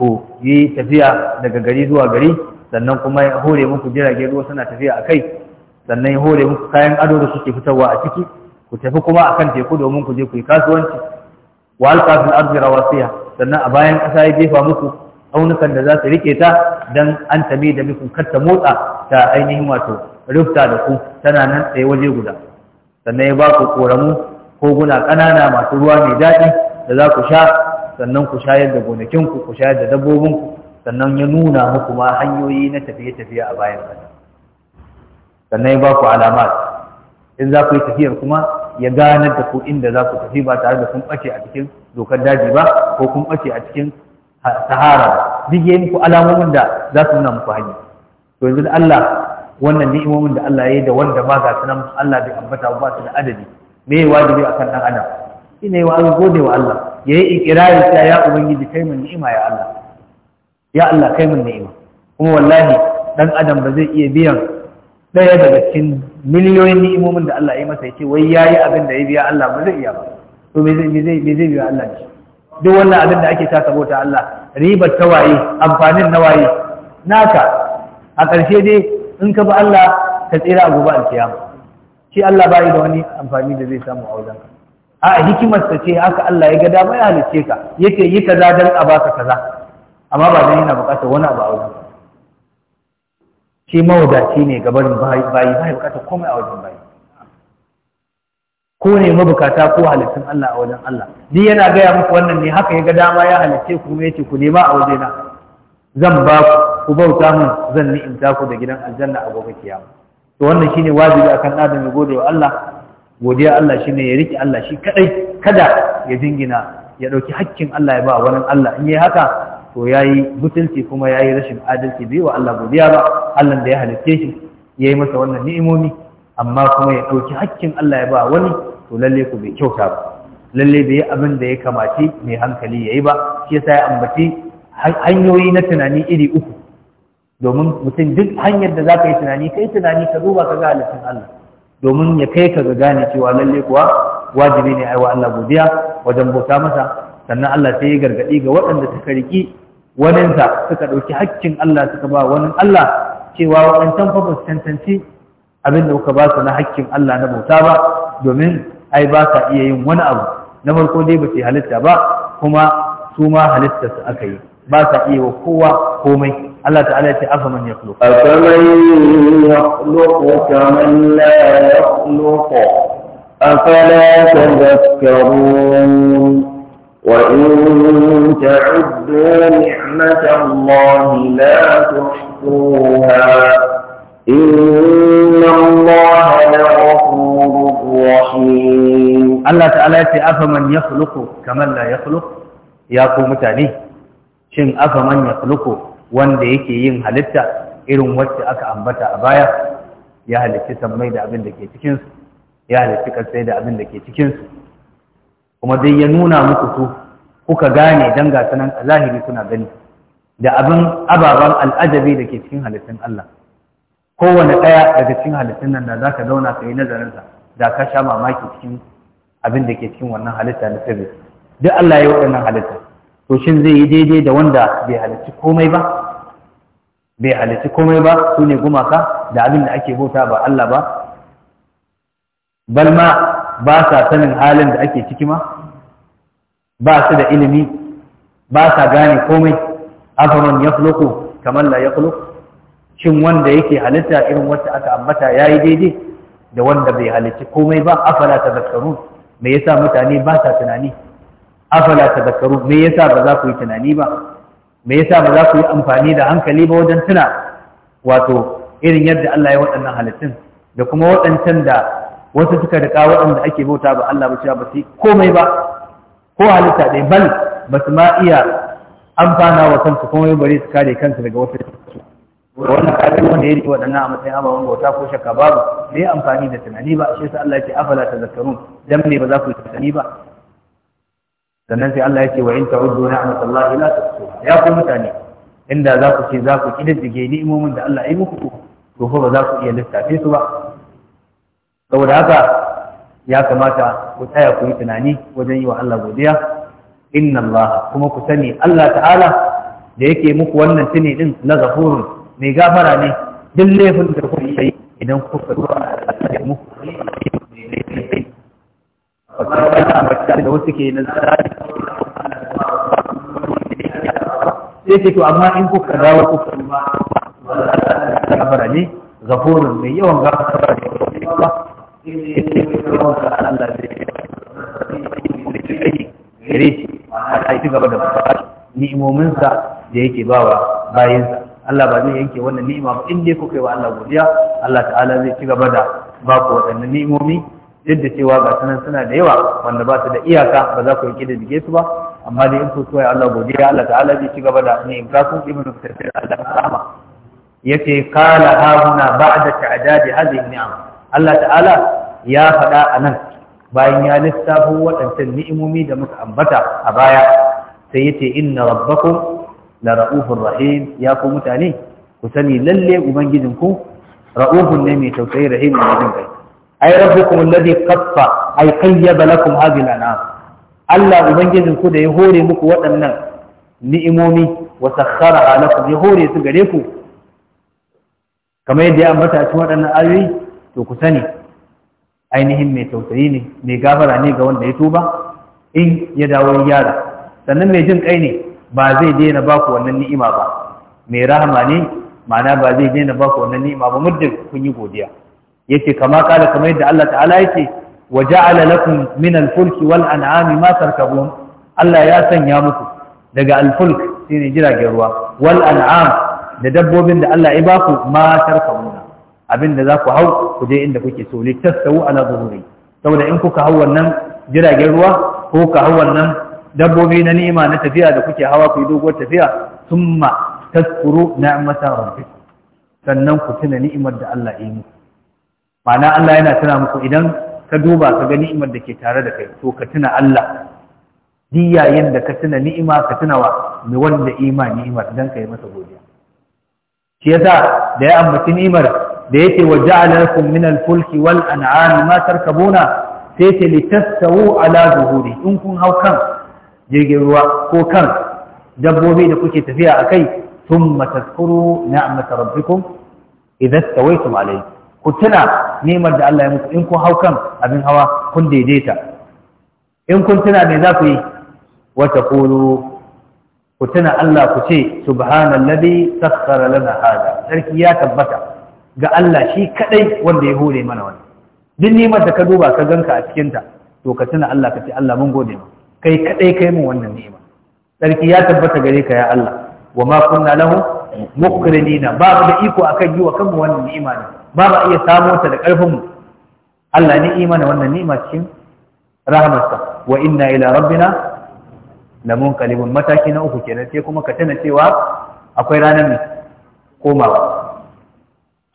ku yi tafiya daga gari zuwa gari sannan kuma ya hore muku jiragen ruwa suna tafiya a kai sannan ya hore muku kayan ado da suke fitarwa a ciki ku tafi kuma akan teku domin ku je ku yi kasuwanci wa alqa fil ardi rawasiya sannan a bayan ƙasa ya jefa muku aunukan da za su rike ta dan an tabi da muku, kar ta motsa ta ainihin wato rufta da ku tana nan tsaye waje guda sannan ya ba ku koramu koguna ƙanana masu ruwa mai daɗi da za ku sha sannan ku shayar da gonakinku ku shayar da dabbobinku sannan ya nuna muku ma hanyoyi na tafiye-tafiye a bayan ƙasa sannan ya ba ku alamat in za ku yi tafiyar kuma ya ganar da ku inda za ku tafi ba tare da kun ɓace a cikin dokar daji ba ko kun ɓace a cikin sahara duk yayin ku alamomin da za su nuna muku hanya to yanzu Allah wannan ni'imomin da Allah ya yi da wanda ba ga sunan Allah bai ambata ba su da adadi me ya wajibi a kan dan adam ne wa an gode wa Allah Ya yi ikirari cewa ya ubangiji kai mun ni'ima ya Allah ya Allah kai mun ni'ima kuma wallahi dan adam ba zai iya biyan ɗaya daga cikin miliyoyin ni'imomin da Allah ya yi masa ya ce wai ya yi abin da ya biya Allah ba zai iya ba to me zai biya Allah ne duk wannan abin da ake ta sabota Allah ribar ta waye amfanin na waye naka a ƙarshe dai in ka bi Allah ka tsira a gobe alkiyama shi Allah yi da wani amfani da zai samu a wajen ka a hikimar ta ce haka Allah ya ga dama ya halicce ka yake yi kaza dan a baka kaza amma ba dan yana buƙatar wani abu a wajen shi mawadaci ne barin bayi bayi bukatar komai a wajen bayi ko ne mabukata ko halittun Allah a wajen Allah Ni yana gaya muku wannan ne haka ya ga dama ya halitte ku kuma yace ku nema a wajena zan ba ku ku bauta min zan ni'imta ku da gidan aljanna a gobe kiyama to wannan shine wajibi akan adam ya gode wa Allah godiya Allah shine ya riki Allah shi kadai kada ya jingina ya ɗauki hakkin Allah ya ba wani Allah in yi haka to yi butulci kuma yayi rashin adalci bai wa Allah godiya ba Allah da ya halitte shi ya yi masa wannan ni'imomi amma kuma ya ɗauki hakkin Allah ya ba wani to lalle ku bai kyauta ba lalle bai abin da ya kamace mai hankali yayi ba shi yasa ya ambaci hanyoyi na tunani iri uku domin mutum duk hanyar da zaka yi tunani kai tunani ka duba ka ga halittun Allah domin ya kai ka ga gane cewa lalle kuwa wajibi ne aiwa Allah godiya wajen bauta masa sannan Allah sai ya gargadi ga waɗanda suka riki waninsa suka ɗauki hakkin Allah suka ba wani Allah cewa waɗancan fa su cancanci abin da kuka ba su na hakkin Allah na bauta ba domin ai ba ka iya yin wani abu na farko dai ba su halitta ba kuma su ma halitta su aka yi ba sa iya wa kowa komai Allah ta'ala ya ce afa man yakhluq afa man yakhluq kaman la yakhluq afala tadhakkarun وإن تعدوا نعمة الله لا تحصوها إن الله لغفور رحيم الله تعالى أفمن يخلق كمن لا يخلق يا قوم تاني shin afa man ya kuluku wanda yake yin halitta irin wacce aka ambata a baya ya halitti sammai da abin da ke cikinsu ya halitti kasai da abin da ke cikinsu kuma dai ya nuna muku su kuka gane dan ga sanan a zahiri kuna gani da abin ababen al'ajabi da ke cikin halittun Allah kowane ɗaya daga cikin halittun nan da za ka zauna ka yi nazarinsa da ka sha mamaki cikin abin da ke cikin wannan halitta na sirri duk Allah ya waɗannan halitta to shin zai yi daidai da wanda bai halitti komai ba bai halitti komai ba su ne gumaka da abin da ake bauta ba Allah ba bal ba sa sanin halin da ake ciki ma ba su da ilimi ba sa gane komai afaman ya fuloko kamar la ya shin wanda yake halitta irin wacce aka ambata ya yi daidai da wanda bai halitta komai ba afala ta zakaru me yasa mutane ba sa tunani afala ta zakaru me yasa ba za ku yi tunani ba me yasa ba za ku yi amfani da hankali ba wajen tuna wato irin yadda Allah ya waɗannan halittun da kuma waɗancan da wasu suka riƙa da ake bauta ba Allah ba cewa ba su komai ba ko halitta ɗaya bal ba su ma iya amfana wa kansu komai bari su kare kansu daga wata su wannan kafin wanda ya riƙe waɗannan a matsayin ababen bauta ko shakka babu bai amfani da tunani ba shi yasa Allah ya ce afala tazakkarun dan me ba za ku yi tunani ba sannan sai Allah ya ce wa in ta'uddu ni'matallahi la tuhsuha ya ku mutane inda za ku ce za ku kididdige ni'imomin da Allah ya yi muku to fa ba za ku iya lissafe su ba saboda haka ya kamata ku tsaya ku yi tunani wajen yi wa Allah godiya inna Allah kuma ku sani Allah ta'ala da yake muku wannan tuni din na zafurun mai gafara ne duk laifin da kuka yi idan kuka tura a muku da wasu sai ce to amma in kuka dawo kuka ba gafara ne zafurun mai yawan gafara ne gare shi a ci gaba da fasara ni'imominsa da yake wa bayansa Allah ba zai yanke wannan ni'ima ba in ku kai wa Allah godiya Allah ta'ala zai ci gaba da ba ku waɗannan ni'imomi duk da cewa ga sanan suna da yawa wanda ba su da iyaka ba za ku yanke da dige su ba amma dai in ku so ya Allah godiya Allah ta'ala zai ci gaba da ka ku ibnu kathir Allah ta'ala yace qala ha huna ba'da ta'dadi hadhihi ni'am Allah ta'ala ya faɗa a nan bayan ya lissafo waɗancan ni'imomi da muka ambata a baya sai yace inna rabbakum la ra'ufur rahim ya ku mutane ku sani lalle ubangijinku ra'ufun ne mai tausayi rahim ne jin kai ay rabbukum alladhi qaffa ay qayyaba lakum hadhihi na. Allah ubangijinku da ya hore muku waɗannan ni'imomi wa sakhkhara lakum ya hore su gare ku kamar yadda ya ambata cikin waɗannan ayoyi to ku sani ainihin mai tausayi ne mai gafara ne ga wanda ya tuba in ya dawo yara sannan mai jin kai ne ba zai daina ba ku wannan ni'ima ba mai rahama ne ma'ana ba zai daina ba ku wannan ni'ima ba muddin kun yi godiya yake kama kala kamar yadda Allah ta'ala yake wa ja'ala lakum min al-fulki wal an'ami ma tarkabun Allah ya sanya muku daga al-fulk shine jiragen ruwa wal an'am da dabbobin da Allah ya baku ma tarkabuna abin da za ku hau ku je inda kuke so li tasawu ala zuhuri saboda in kuka hau wannan jiragen ruwa ko ka hau wannan dabbobi na ni'ima na tafiya da kuke hawa ku yi doguwar tafiya summa taskuru ni'mata rabbikum sannan ku tuna ni'imar da Allah ya yi muku ma'ana Allah yana tana muku idan ka duba ka ga ni'imar da ke tare da kai to ka tuna Allah diyayen da ka tuna ni'ima ka tuna wa Me wanda ima ni'imar dan ka yi masa godiya shi yasa da ya ambaci ni'imar da yake wa ja'alakum min al-fulki wal an'am ma tarkabuna sai ce litastawu ala zuhuri in kun hau kan jirgin ruwa ko kan dabbobi da kuke tafiya akai thumma tadhkuru ni'mat rabbikum idza stawaytum alayhi ku tuna ni'mar da Allah ya muku in kun hau kan abin hawa kun daidaita in kun tuna me za ku yi wa taqulu ku tuna Allah ku ce subhanallazi sakhkhara lana hada sarki ya tabbata ga Allah shi kadai wanda ya hore mana wani duk nimar da ka duba ka ganka a cikinta to ka tuna Allah ka ce Allah mun gode ma kai kadai kai mu wannan ni'ima sarki ya tabbata gare ka ya Allah wa ma kunna lahu muqrinina ba da iko akan yi wa kanmu wannan ni'ima ne ba ba iya samo ta da karfin mu Allah ne imana wannan ni'ima cikin rahmarsa wa inna ila rabbina lamun mataki na uku kenan sai kuma ka tana cewa akwai ranar mai komawa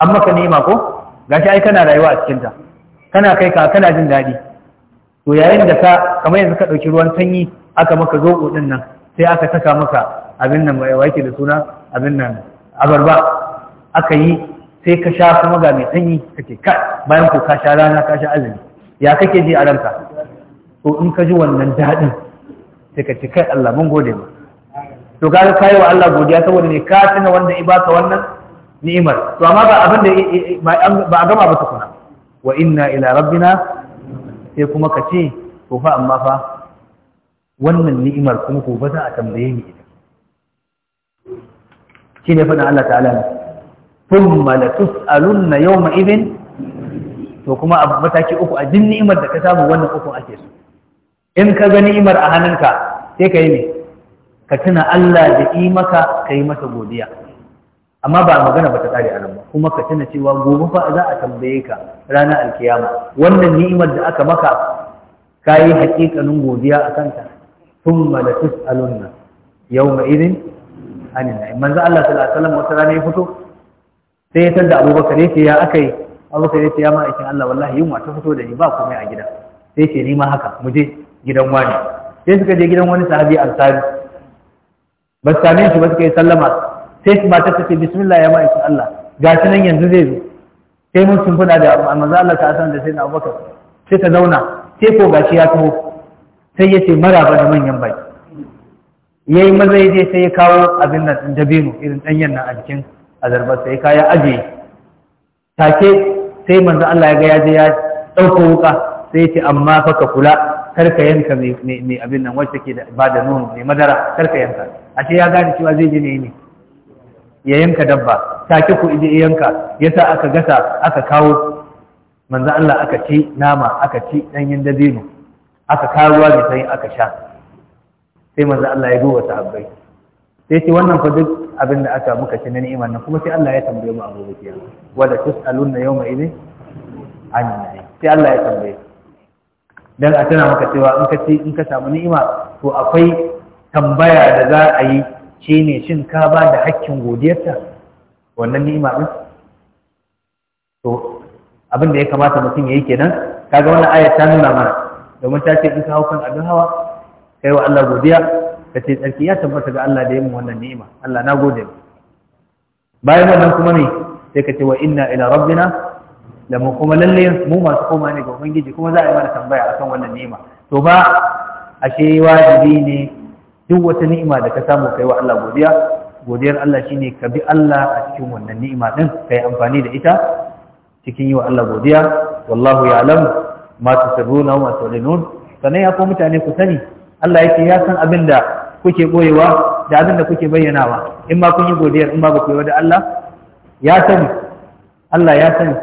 an maka nema ko gashi ai kana rayuwa a cikin ta kana kai ka kana jin daɗi to yayin da ka kamar yanzu ka ɗauki ruwan sanyi aka maka zoɓo ɗin nan sai aka saka maka abin nan mai wake da suna abin nan abarba aka yi sai ka sha kuma ga mai sanyi kake ka bayan ko ka sha rana ka sha azumi ya kake ji a ranka to in ka ji wannan daɗin sai ka ce kai Allah mun gode ma to ka yi wa Allah godiya saboda ne ka tuna wanda i baka wannan ni'imar to amma ba abin da ba a gama ba tukuna wa inna ila rabbina sai kuma ka ce to fa amma fa wannan ni'imar kuma ko ba za a tambaye ni ita shine faɗin Allah ta'ala ne thumma latus'alunna yawma idin to kuma a mataki uku a jin ni'imar da ka samu wannan uku ake so in ka ga ni'imar a hannunka sai ka yi ne ka tuna Allah da imaka ka yi masa godiya amma ba magana ba ta kare a nan ba kuma ka tana cewa gobe fa za a tambaye ka ranar alkiyama wannan ni'imar da aka maka ka yi haƙiƙanin godiya a kanta tun mala yau ma irin anin na'im manzo Allah sallallahu alaihi wasallam wata rana ya fito sai ya da Abubakar ya ce ya aka yi. Abubakar ya ce ya ma aikin Allah wallahi yunwa ta fito da ni ba komai a gida sai ce ni ma haka mu je gidan wani sai suka je gidan wani sahabi ansari ba su same shi ba suka yi sallama sai mata ta ce bismillah ya ma'aikin Allah gashi nan yanzu zai zo sai mun sun fada da manzo Allah ta san da sai na Abubakar sai ta zauna sai ko gashi ya kawo sai ya ce maraba da manyan baki yayi maza ya je sai ya kawo abin nan dabino irin ɗanyen nan a jikin azarbar sai ya ajiye take sai manzo Allah ya ga ya je ya ɗauko wuka sai ya ce amma fa ka kula karka yanka mai abin nan wacce ke ba da nono mai madara karka yanka ashe ya gane cewa zai je ne ne ya yanka dabba take ku ije yanka yasa aka gasa aka kawo manzo Allah aka ci nama aka ci danyen dabino aka kawo ruwa mai sai aka sha sai manzo Allah ya duba sahabbai sai ce wannan fa duk abin da aka muka ci na ni'imar nan kuma sai Allah ya tambaye mu abu bakiya wala tus'aluna yawma idin an sai Allah ya tambaye dan a tana maka cewa in ka ci in ka samu ni'ima to akwai tambaya da za a yi shi ne shin ka ba da hakkin godiyarta wannan ni'ima ɗin to abin da ya kamata mutum ya yi kenan kaga wannan aya ta nuna mana domin ta ce in ka hau kan abin hawa kai wa Allah godiya ka ce tsarki ya tabbata ga Allah da ya mu wannan ni'ima Allah na gode bayan wannan kuma ne sai ka ce wa inna ila rabbina da mu kuma lalle mu masu koma ne ga ubangiji kuma za a yi mana tambaya akan wannan ni'ima to ba ashe wajibi ne duk wata ni'ima da ka samu kai wa Allah godiya godiyar Allah shine ka bi Allah a cikin wannan ni'ima din kai amfani da ita cikin yi wa Allah godiya wallahu ya'lam ma tusirruna wa tu'linun sannan ya ko mutane ku sani Allah yake ya san abin da kuke boyewa da abin da kuke bayyanawa in ma kun yi godiyar in ma ba ku yi wa da Allah ya sani Allah ya sani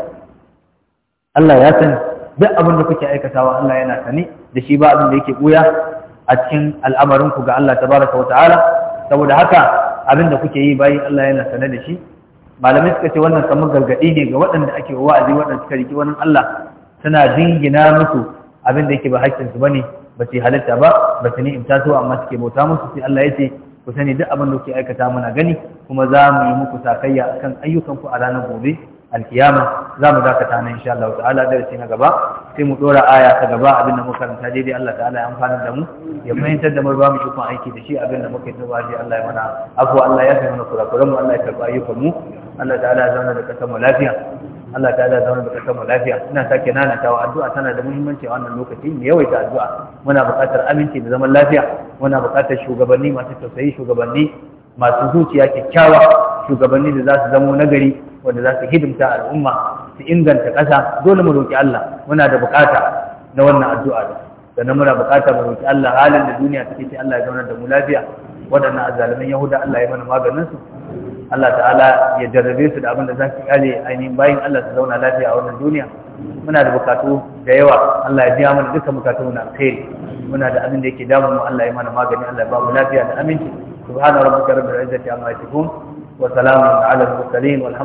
Allah ya sani duk abin da kuke aikatawa Allah yana sani da shi ba abin da yake buya a cikin al'amarinku ga Allah tabaraka wa ta'ala saboda haka abinda kuke yi bayan Allah yana sane da shi malamai suka ce wannan kamar gargaɗi ne ga waɗanda ake wa'azi waɗanda suka riki wannan Allah suna dingina musu abin da yake ba haƙƙin su bane ba su halitta ba ba su ni'imta su amma suke bauta musu sai Allah ya ce ku sani duk abin da kuke aikata muna gani kuma za mu yi muku sakayya akan ayyukan ku a ranar gobe alkiyama za mu dakata nan insha Allah ta'ala darasi na gaba sai mu dora aya ta gaba abin da muka karanta daidai Allah ta'ala ya amfana da mu ya fahimtar da mu ba mu shukun aiki da shi abin da muka tuba shi Allah ya mana afwa Allah ya kai mana kurakuran mu Allah ya karba ayyukan mu Allah ta'ala ya zauna da kasar mu lafiya Allah ta ya zauna da kasar mu lafiya ina sake nanatawa addu'a tana da muhimmanci a wannan lokaci mu yawaita addu'a muna buƙatar aminci da zaman lafiya muna buƙatar shugabanni masu tausayi shugabanni masu zuciya kyakkyawa shugabanni da za su zamo nagari wanda za su hidimta al'umma su inganta ƙasa dole mu roƙi Allah muna da buƙata na wannan addu'a da sannan muna buƙata mu roƙi Allah halin da duniya take ce Allah ya zauna da mu lafiya waɗannan azzalumin Yahuda Allah ya mana maganin su Allah ta'ala ya jarrabe su da abin da za su kare ainihin bayan Allah su zauna lafiya a wannan duniya muna da buƙatu da yawa Allah ya biya mana dukkan buƙatu na alkhairi muna da abin da yake damun mu Allah ya mana magani Allah ya ba mu lafiya da aminci سبحان ربك رب العزة عما يصفون وسلام على المرسلين والحمد